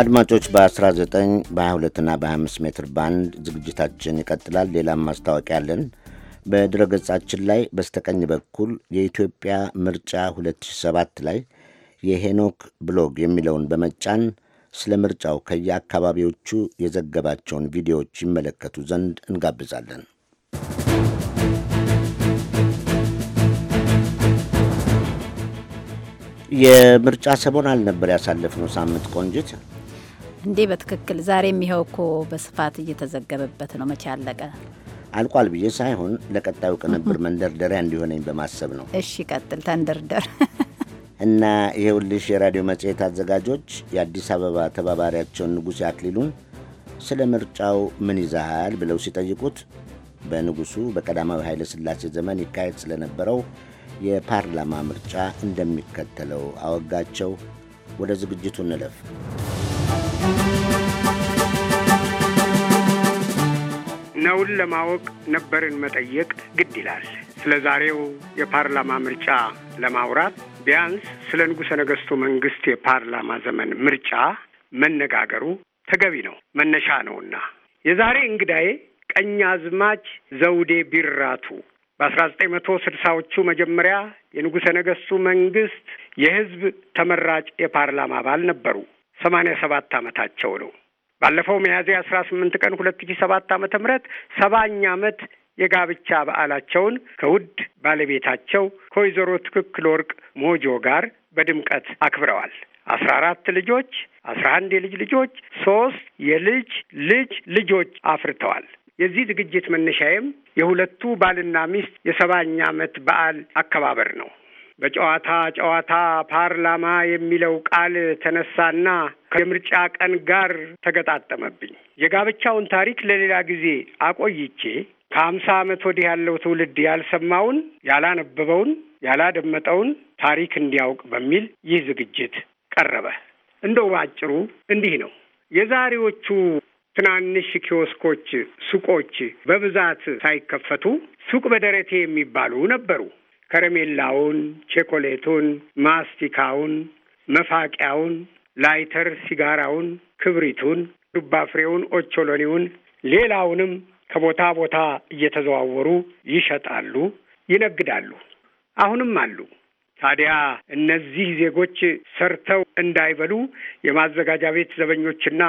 አድማጮች በ19 በ22ና በ25 ሜትር ባንድ ዝግጅታችን ይቀጥላል። ሌላም ማስታወቂያ አለን። በድረገጻችን ላይ በስተቀኝ በኩል የኢትዮጵያ ምርጫ 2007 ላይ የሄኖክ ብሎግ የሚለውን በመጫን ስለ ምርጫው ከየአካባቢዎቹ የዘገባቸውን ቪዲዮዎች ይመለከቱ ዘንድ እንጋብዛለን። የምርጫ ሰሞን አልነበር ያሳለፍነው ሳምንት ቆንጅት እንዴ በትክክል ዛሬም ይኸው እኮ በስፋት እየተዘገበበት ነው። መቼ አለቀ አልቋል ብዬ ሳይሆን ለቀጣዩ ቅንብር መንደርደሪያ እንዲሆነኝ በማሰብ ነው። እሺ ቀጥል፣ ተንደርደር እና ይኸውልሽ የራዲዮ መጽሔት አዘጋጆች የአዲስ አበባ ተባባሪያቸውን ንጉሥ አክሊሉን ስለ ምርጫው ምን ይዛሃል ብለው ሲጠይቁት በንጉሱ በቀዳማዊ ኃይለ ሥላሴ ዘመን ይካሄድ ስለነበረው የፓርላማ ምርጫ እንደሚከተለው አወጋቸው። ወደ ዝግጅቱ እንለፍ። ነውን ለማወቅ ነበርን መጠየቅ ግድ ይላል። ስለ ዛሬው የፓርላማ ምርጫ ለማውራት ቢያንስ ስለ ንጉሠ ነገሥቱ መንግስት የፓርላማ ዘመን ምርጫ መነጋገሩ ተገቢ ነው፣ መነሻ ነውና። የዛሬ እንግዳዬ አዝማች ዘውዴ ቢራቱ በአስራ ዘጠኝ መቶ ስልሳዎቹ መጀመሪያ የንጉሠ ነገሥቱ መንግስት የህዝብ ተመራጭ የፓርላማ አባል ነበሩ። ሰማኒያ ሰባት አመታቸው ነው። ባለፈው ሚያዝያ አስራ ስምንት ቀን ሁለት ሺ ሰባት አመተ ምህረት ሰባኛ አመት የጋብቻ በዓላቸውን ከውድ ባለቤታቸው ከወይዘሮ ትክክል ወርቅ ሞጆ ጋር በድምቀት አክብረዋል። አስራ አራት ልጆች፣ አስራ አንድ የልጅ ልጆች፣ ሶስት የልጅ ልጅ ልጆች አፍርተዋል። የዚህ ዝግጅት መነሻዬም የሁለቱ ባልና ሚስት የሰባኛ አመት በዓል አከባበር ነው። በጨዋታ ጨዋታ ፓርላማ የሚለው ቃል ተነሳና ከምርጫ ቀን ጋር ተገጣጠመብኝ። የጋብቻውን ታሪክ ለሌላ ጊዜ አቆይቼ ከሀምሳ ዓመት ወዲህ ያለው ትውልድ ያልሰማውን፣ ያላነበበውን፣ ያላደመጠውን ታሪክ እንዲያውቅ በሚል ይህ ዝግጅት ቀረበ። እንደው በአጭሩ እንዲህ ነው። የዛሬዎቹ ትናንሽ ኪዮስኮች፣ ሱቆች በብዛት ሳይከፈቱ ሱቅ በደረቴ የሚባሉ ነበሩ። ከረሜላውን፣ ቼኮሌቱን፣ ማስቲካውን፣ መፋቂያውን፣ ላይተር ሲጋራውን፣ ክብሪቱን፣ ዱባ ፍሬውን፣ ኦቾሎኒውን፣ ሌላውንም ከቦታ ቦታ እየተዘዋወሩ ይሸጣሉ፣ ይነግዳሉ። አሁንም አሉ። ታዲያ እነዚህ ዜጎች ሰርተው እንዳይበሉ የማዘጋጃ ቤት ዘበኞችና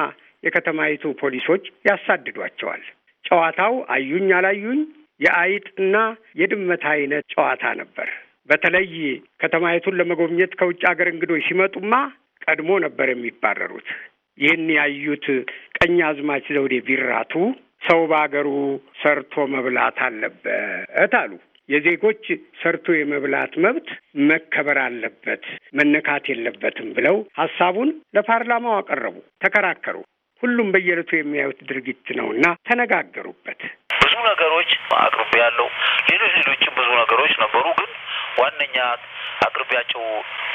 የከተማይቱ ፖሊሶች ያሳድዷቸዋል። ጨዋታው አዩኝ አላዩኝ የአይጥና የድመት አይነት ጨዋታ ነበር። በተለይ ከተማይቱን ለመጎብኘት ከውጭ ሀገር እንግዶች ሲመጡማ ቀድሞ ነበር የሚባረሩት። ይህን ያዩት ቀኝ አዝማች ዘውዴ ቢራቱ ሰው በሀገሩ ሰርቶ መብላት አለበት አሉ። የዜጎች ሰርቶ የመብላት መብት መከበር አለበት፣ መነካት የለበትም ብለው ሀሳቡን ለፓርላማው አቀረቡ፣ ተከራከሩ። ሁሉም በየለቱ የሚያዩት ድርጊት ነው እና ተነጋገሩበት። ብዙ ነገሮች አቅርቤ ያለው ሌሎች ሌሎችም ብዙ ነገሮች ነበሩ ግን ዋነኛ አቅርቢያቸው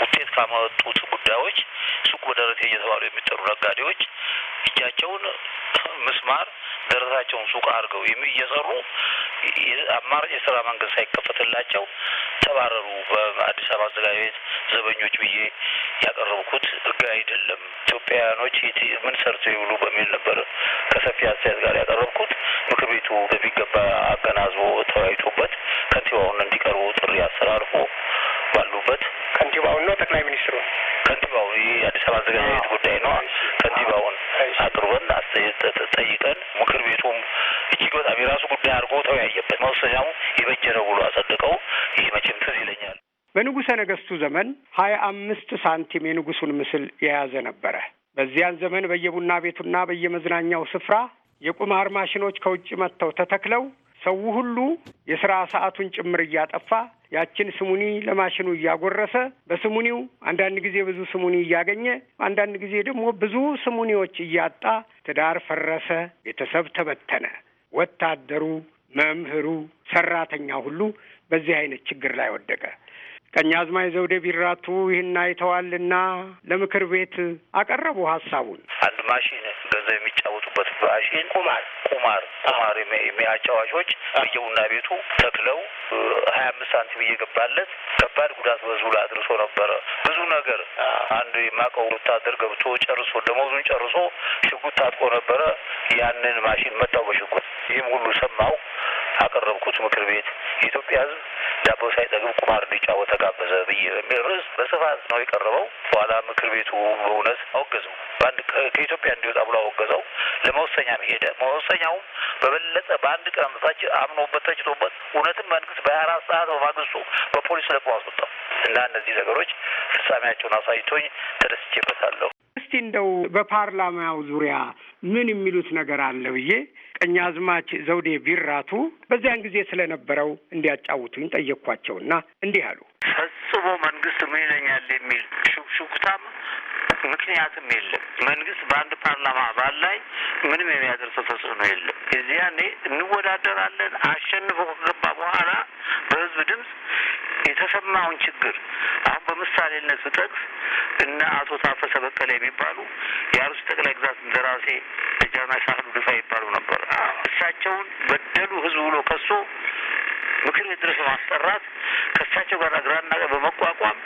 ውጤት ካመጡት ጉዳዮች ሱቅ በደረቴ እየተባሉ የሚጠሩ ነጋዴዎች እጃቸውን ምስማር ደረታቸውን ሱቅ አድርገው እየሰሩ አማራጭ የስራ መንገድ ሳይከፈትላቸው ተባረሩ በአዲስ አበባ አዘጋጅ ቤት ዘበኞች ብዬ ያቀረብኩት ህግ አይደለም፣ ኢትዮጵያውያኖች ምን ሰርተው ይብሉ በሚል ነበር ከሰፊ አስተያየት ጋር ያቀረብኩት። ምክር ቤቱ በሚገባ አገናዝቦ ተወያይቶበት ከንቲባውን እንዲቀርቡ ጥሪ አስተላልፎ ባሉበት ከንቲባውን ነው ጠቅላይ ሚኒስትሩን? ከንቲባው ይህ አዲስ አበባ አዘጋጅት ጉዳይ ነው። ከንቲባውን አቅርበን አስተያየት ጠይቀን ምክር ቤቱም እጅግ በጣም የራሱ ጉዳይ አድርጎ ተወያየበት። መወሰኛሙ የበጀ ነው ብሎ አጸድቀው ይህ መቼም ትዝ ይለኛል። በንጉሠ ነገሥቱ ዘመን ሀያ አምስት ሳንቲም የንጉሱን ምስል የያዘ ነበረ። በዚያን ዘመን በየቡና ቤቱና በየመዝናኛው ስፍራ የቁማር ማሽኖች ከውጭ መጥተው ተተክለው ሰው ሁሉ የስራ ሰዓቱን ጭምር እያጠፋ ያችን ስሙኒ ለማሽኑ እያጎረሰ በስሙኒው አንዳንድ ጊዜ ብዙ ስሙኒ እያገኘ አንዳንድ ጊዜ ደግሞ ብዙ ስሙኒዎች እያጣ ትዳር ፈረሰ፣ ቤተሰብ ተበተነ፣ ወታደሩ፣ መምህሩ፣ ሰራተኛ ሁሉ በዚህ አይነት ችግር ላይ ወደቀ። ቀኛዝማች ዘውዴ ቢራቱ ይህን አይተዋልና ለምክር ቤት አቀረቡ ሀሳቡን አንድ ማሽን ገንዘብ የሚጫወ የሚጫወቱበት ፋሽን ቁማር ቁማር ቁማር የሚያጫዋቾች በየቡና ቤቱ ተክለው ሀያ አምስት ሳንቲም እየገባለት ከባድ ጉዳት በዙ ላይ አድርሶ ነበረ። ብዙ ነገር አንድ የማቀው ወታደር ገብቶ ጨርሶ ደሞዙን ጨርሶ ሽጉጥ ታጥቆ ነበረ። ያንን ማሽን መታው በሽጉጥ። ይህም ሁሉ ሰማው፣ አቀረብኩት ምክር ቤት። የኢትዮጵያ ሕዝብ ዳቦ ሳይጠግብ ቁማር እንዲጫወት ተጋበዘ ብዬ የሚል ርዕስ በስፋት ነው የቀረበው። በኋላ ምክር ቤቱ በእውነት አወገዘው። በአንድ ከኢትዮጵያ እንዲወጣ ብሎ አወገዘው። ለመወሰኛ ሄደ። መወሰኛውም በበለጠ በአንድ ቀን ታች አምኖበት ተችቶበት እውነትም መንግስት በሀያ አራት ሰዓት በማግስቱ በፖሊስ ለቆ አስወጣው እና እነዚህ ነገሮች ፍጻሜያቸውን አሳይቶኝ ተደስቼበታለሁ። እስቲ እንደው በፓርላማው ዙሪያ ምን የሚሉት ነገር አለ ብዬ አዝማች ዘውዴ ቢራቱ በዚያን ጊዜ ስለነበረው እንዲያጫውቱኝ ጠየቅኳቸውና እንዲህ አሉ። ፈጽሞ መንግስት ምን ይለኛል የሚል ሹክሹክታም ምክንያትም የለም። መንግስት በአንድ ፓርላማ አባል ላይ ምንም የሚያደርሰው ተጽዕኖ የለም። እዚያኔ እንወዳደራለን። አሸንፎ ከገባ በኋላ በህዝብ ድምፅ የተሰማውን ችግር አሁን በምሳሌነት ብጠቅስ እነ አቶ ታፈሰ በቀለ የሚባሉ የአርሲ ጠቅላይ ግዛት እንደራሴ ደጃዝማች ሳህሉ ድፋ ይባሉ ነበር። እሳቸውን በደሉ ህዝብ ብሎ ከሶ ምክር ቤት ድረስ ማስጠራት ከእሳቸው ጋር ግራና በመቋቋም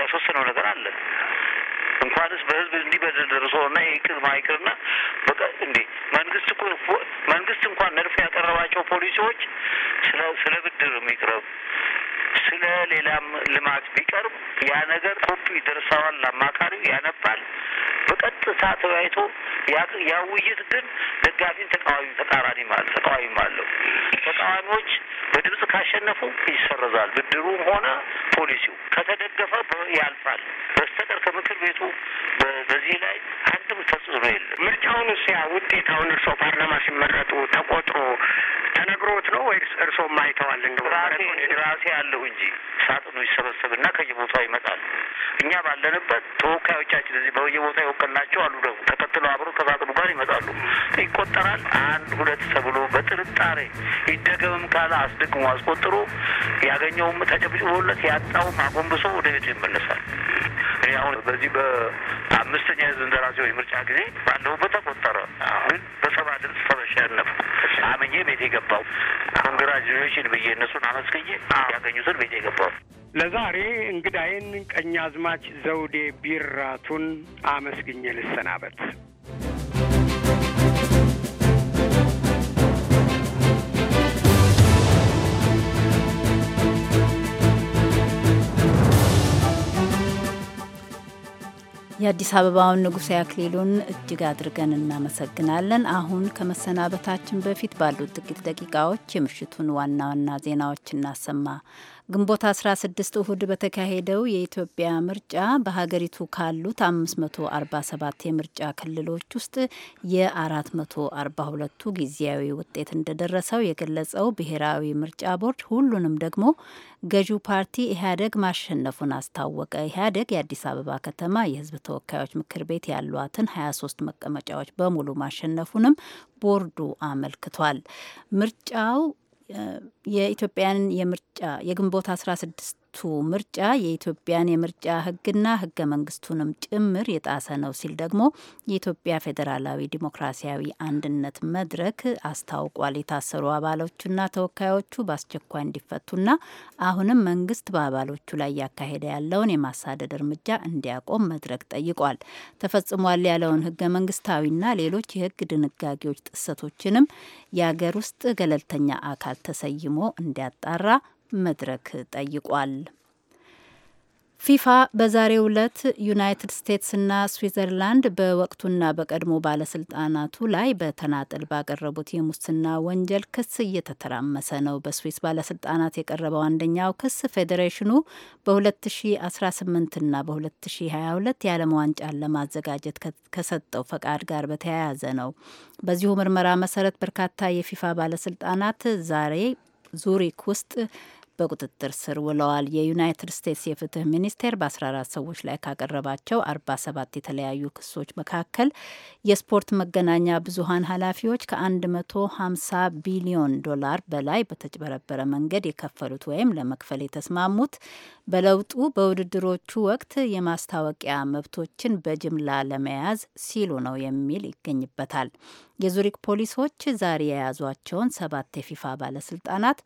ያስወሰነው ነገር አለ። እንኳንስ በህዝብ እንዲህ በደል ደርሶ ይቅር ማይቅርና በቃ እንዴ መንግስት እኮ መንግስት እንኳን ነድፎ ያቀረባቸው ፖሊሲዎች ስለ ስለ ብድር የሚቅረብ ስለ ሌላም ልማት ቢቀርብ ያ ነገር ኮፒ ይደርሰዋል፣ ለአማካሪው ያነባል። ቀጥታ ተወያይቶ ያ ውይይት ግን ደጋፊን ተቃዋሚ ተቃራኒ ማለት ተቃዋሚም አለው። ተቃዋሚዎች በድምፅ ካሸነፉ ይሰረዛል፣ ብድሩም ሆነ ፖሊሲው ከተደገፈ ያልፋል። በስተቀር ከምክር ቤቱ በዚህ ላይ አንድም ተጽዕኖ የለም። ምርጫውን እስያ ውጤታውን እርሶ ፓርላማ ሲመረጡ ተቆጥሮ ተነግሮት ነው ወይስ እርሶ ማይተዋል? ራሴ አለሁ እንጂ ሳጥኑ ይሰበሰብና ከየቦታው ይመጣል። እኛ ባለንበት ተወካዮቻችን እዚህ በየቦታ ይወከል ያላቸው አሉ ደግሞ ተከትለው አብሮ ከባቅሉ ጋር ይመጣሉ። ይቆጠራል አንድ ሁለት ተብሎ በጥርጣሬ ይደገምም ካለ አስደግሞ አስቆጥሮ ያገኘውም ተጨብጭቦለት ያጣውም አጎንብሶ ወደ ቤቱ ይመለሳል። እኔ አሁን በዚህ በአምስተኛ የህዝብ እንደራሴዎች ምርጫ ጊዜ ባለሁበት ተቆጠረ አሁን በሰባ ድምፅ ተበሻ ያለፉ አመኜ ቤት የገባው ኮንግራጁሌሽን ብዬ እነሱን አመስገኝ ያገኙትን ቤት የገባው ለዛሬ እንግዳዬን ቀኛዝማች ዘውዴ ቢራቱን አመስግኜ ልሰናበት። የአዲስ አበባውን ንጉሴ አክሊሉን እጅግ አድርገን እናመሰግናለን። አሁን ከመሰናበታችን በፊት ባሉት ጥቂት ደቂቃዎች የምሽቱን ዋና ዋና ዜናዎች እናሰማ። ግንቦት 16 እሁድ በተካሄደው የኢትዮጵያ ምርጫ በሀገሪቱ ካሉት 547 የምርጫ ክልሎች ውስጥ የ442ቱ ጊዜያዊ ውጤት እንደደረሰው የገለጸው ብሔራዊ ምርጫ ቦርድ ሁሉንም ደግሞ ገዢው ፓርቲ ኢህአዴግ ማሸነፉን አስታወቀ። ኢህአዴግ የአዲስ አበባ ከተማ የህዝብ ተወካዮች ምክር ቤት ያሏትን 23 መቀመጫዎች በሙሉ ማሸነፉንም ቦርዱ አመልክቷል። ምርጫው የኢትዮጵያን የምርጫ የግንቦት አስራ ስድስት የአገሪቱ ምርጫ የኢትዮጵያን የምርጫ ህግና ህገ መንግስቱንም ጭምር የጣሰ ነው ሲል ደግሞ የኢትዮጵያ ፌዴራላዊ ዲሞክራሲያዊ አንድነት መድረክ አስታውቋል። የታሰሩ አባሎቹና ተወካዮቹ በአስቸኳይ እንዲፈቱና አሁንም መንግስት በአባሎቹ ላይ እያካሄደ ያለውን የማሳደድ እርምጃ እንዲያቆም መድረክ ጠይቋል። ተፈጽሟል ያለውን ህገ መንግስታዊና ሌሎች የህግ ድንጋጌዎች ጥሰቶችንም የአገር ውስጥ ገለልተኛ አካል ተሰይሞ እንዲያጣራ መድረክ ጠይቋል። ፊፋ በዛሬው ዕለት ዩናይትድ ስቴትስና ስዊዘርላንድ በወቅቱና በቀድሞ ባለስልጣናቱ ላይ በተናጠል ባቀረቡት የሙስና ወንጀል ክስ እየተተራመሰ ነው። በስዊስ ባለስልጣናት የቀረበው አንደኛው ክስ ፌዴሬሽኑ በ2018ና በ2022 የዓለም ዋንጫን ለማዘጋጀት ከሰጠው ፈቃድ ጋር በተያያዘ ነው። በዚሁ ምርመራ መሰረት በርካታ የፊፋ ባለስልጣናት ዛሬ ዙሪክ ውስጥ በቁጥጥር ስር ውለዋል። የዩናይትድ ስቴትስ የፍትህ ሚኒስቴር በ14 ሰዎች ላይ ካቀረባቸው 47 የተለያዩ ክሶች መካከል የስፖርት መገናኛ ብዙሃን ኃላፊዎች ከ150 ቢሊዮን ዶላር በላይ በተጭበረበረ መንገድ የከፈሉት ወይም ለመክፈል የተስማሙት በለውጡ በውድድሮቹ ወቅት የማስታወቂያ መብቶችን በጅምላ ለመያዝ ሲሉ ነው የሚል ይገኝበታል። የዙሪክ ፖሊሶች ዛሬ የያዟቸውን ሰባት የፊፋ ባለስልጣናት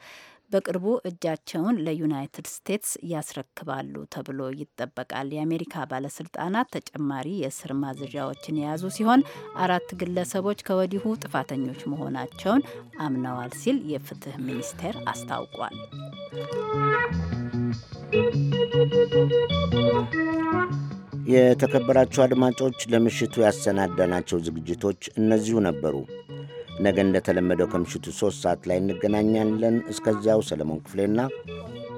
በቅርቡ እጃቸውን ለዩናይትድ ስቴትስ ያስረክባሉ ተብሎ ይጠበቃል። የአሜሪካ ባለስልጣናት ተጨማሪ የእስር ማዘዣዎችን የያዙ ሲሆን አራት ግለሰቦች ከወዲሁ ጥፋተኞች መሆናቸውን አምነዋል ሲል የፍትህ ሚኒስቴር አስታውቋል። የተከበራቸው አድማጮች ለምሽቱ ያሰናዳናቸው ዝግጅቶች እነዚሁ ነበሩ። ነገ እንደተለመደው ከምሽቱ ሶስት ሰዓት ላይ እንገናኛለን። እስከዚያው ሰለሞን ክፍሌና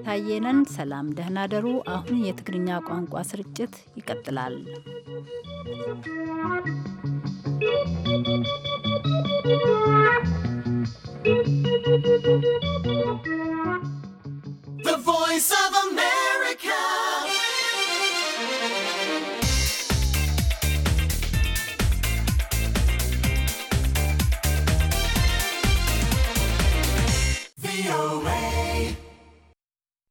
ታየነን ሰላም፣ ደህና ደሩ። አሁን የትግርኛ ቋንቋ ስርጭት ይቀጥላል። The voice of America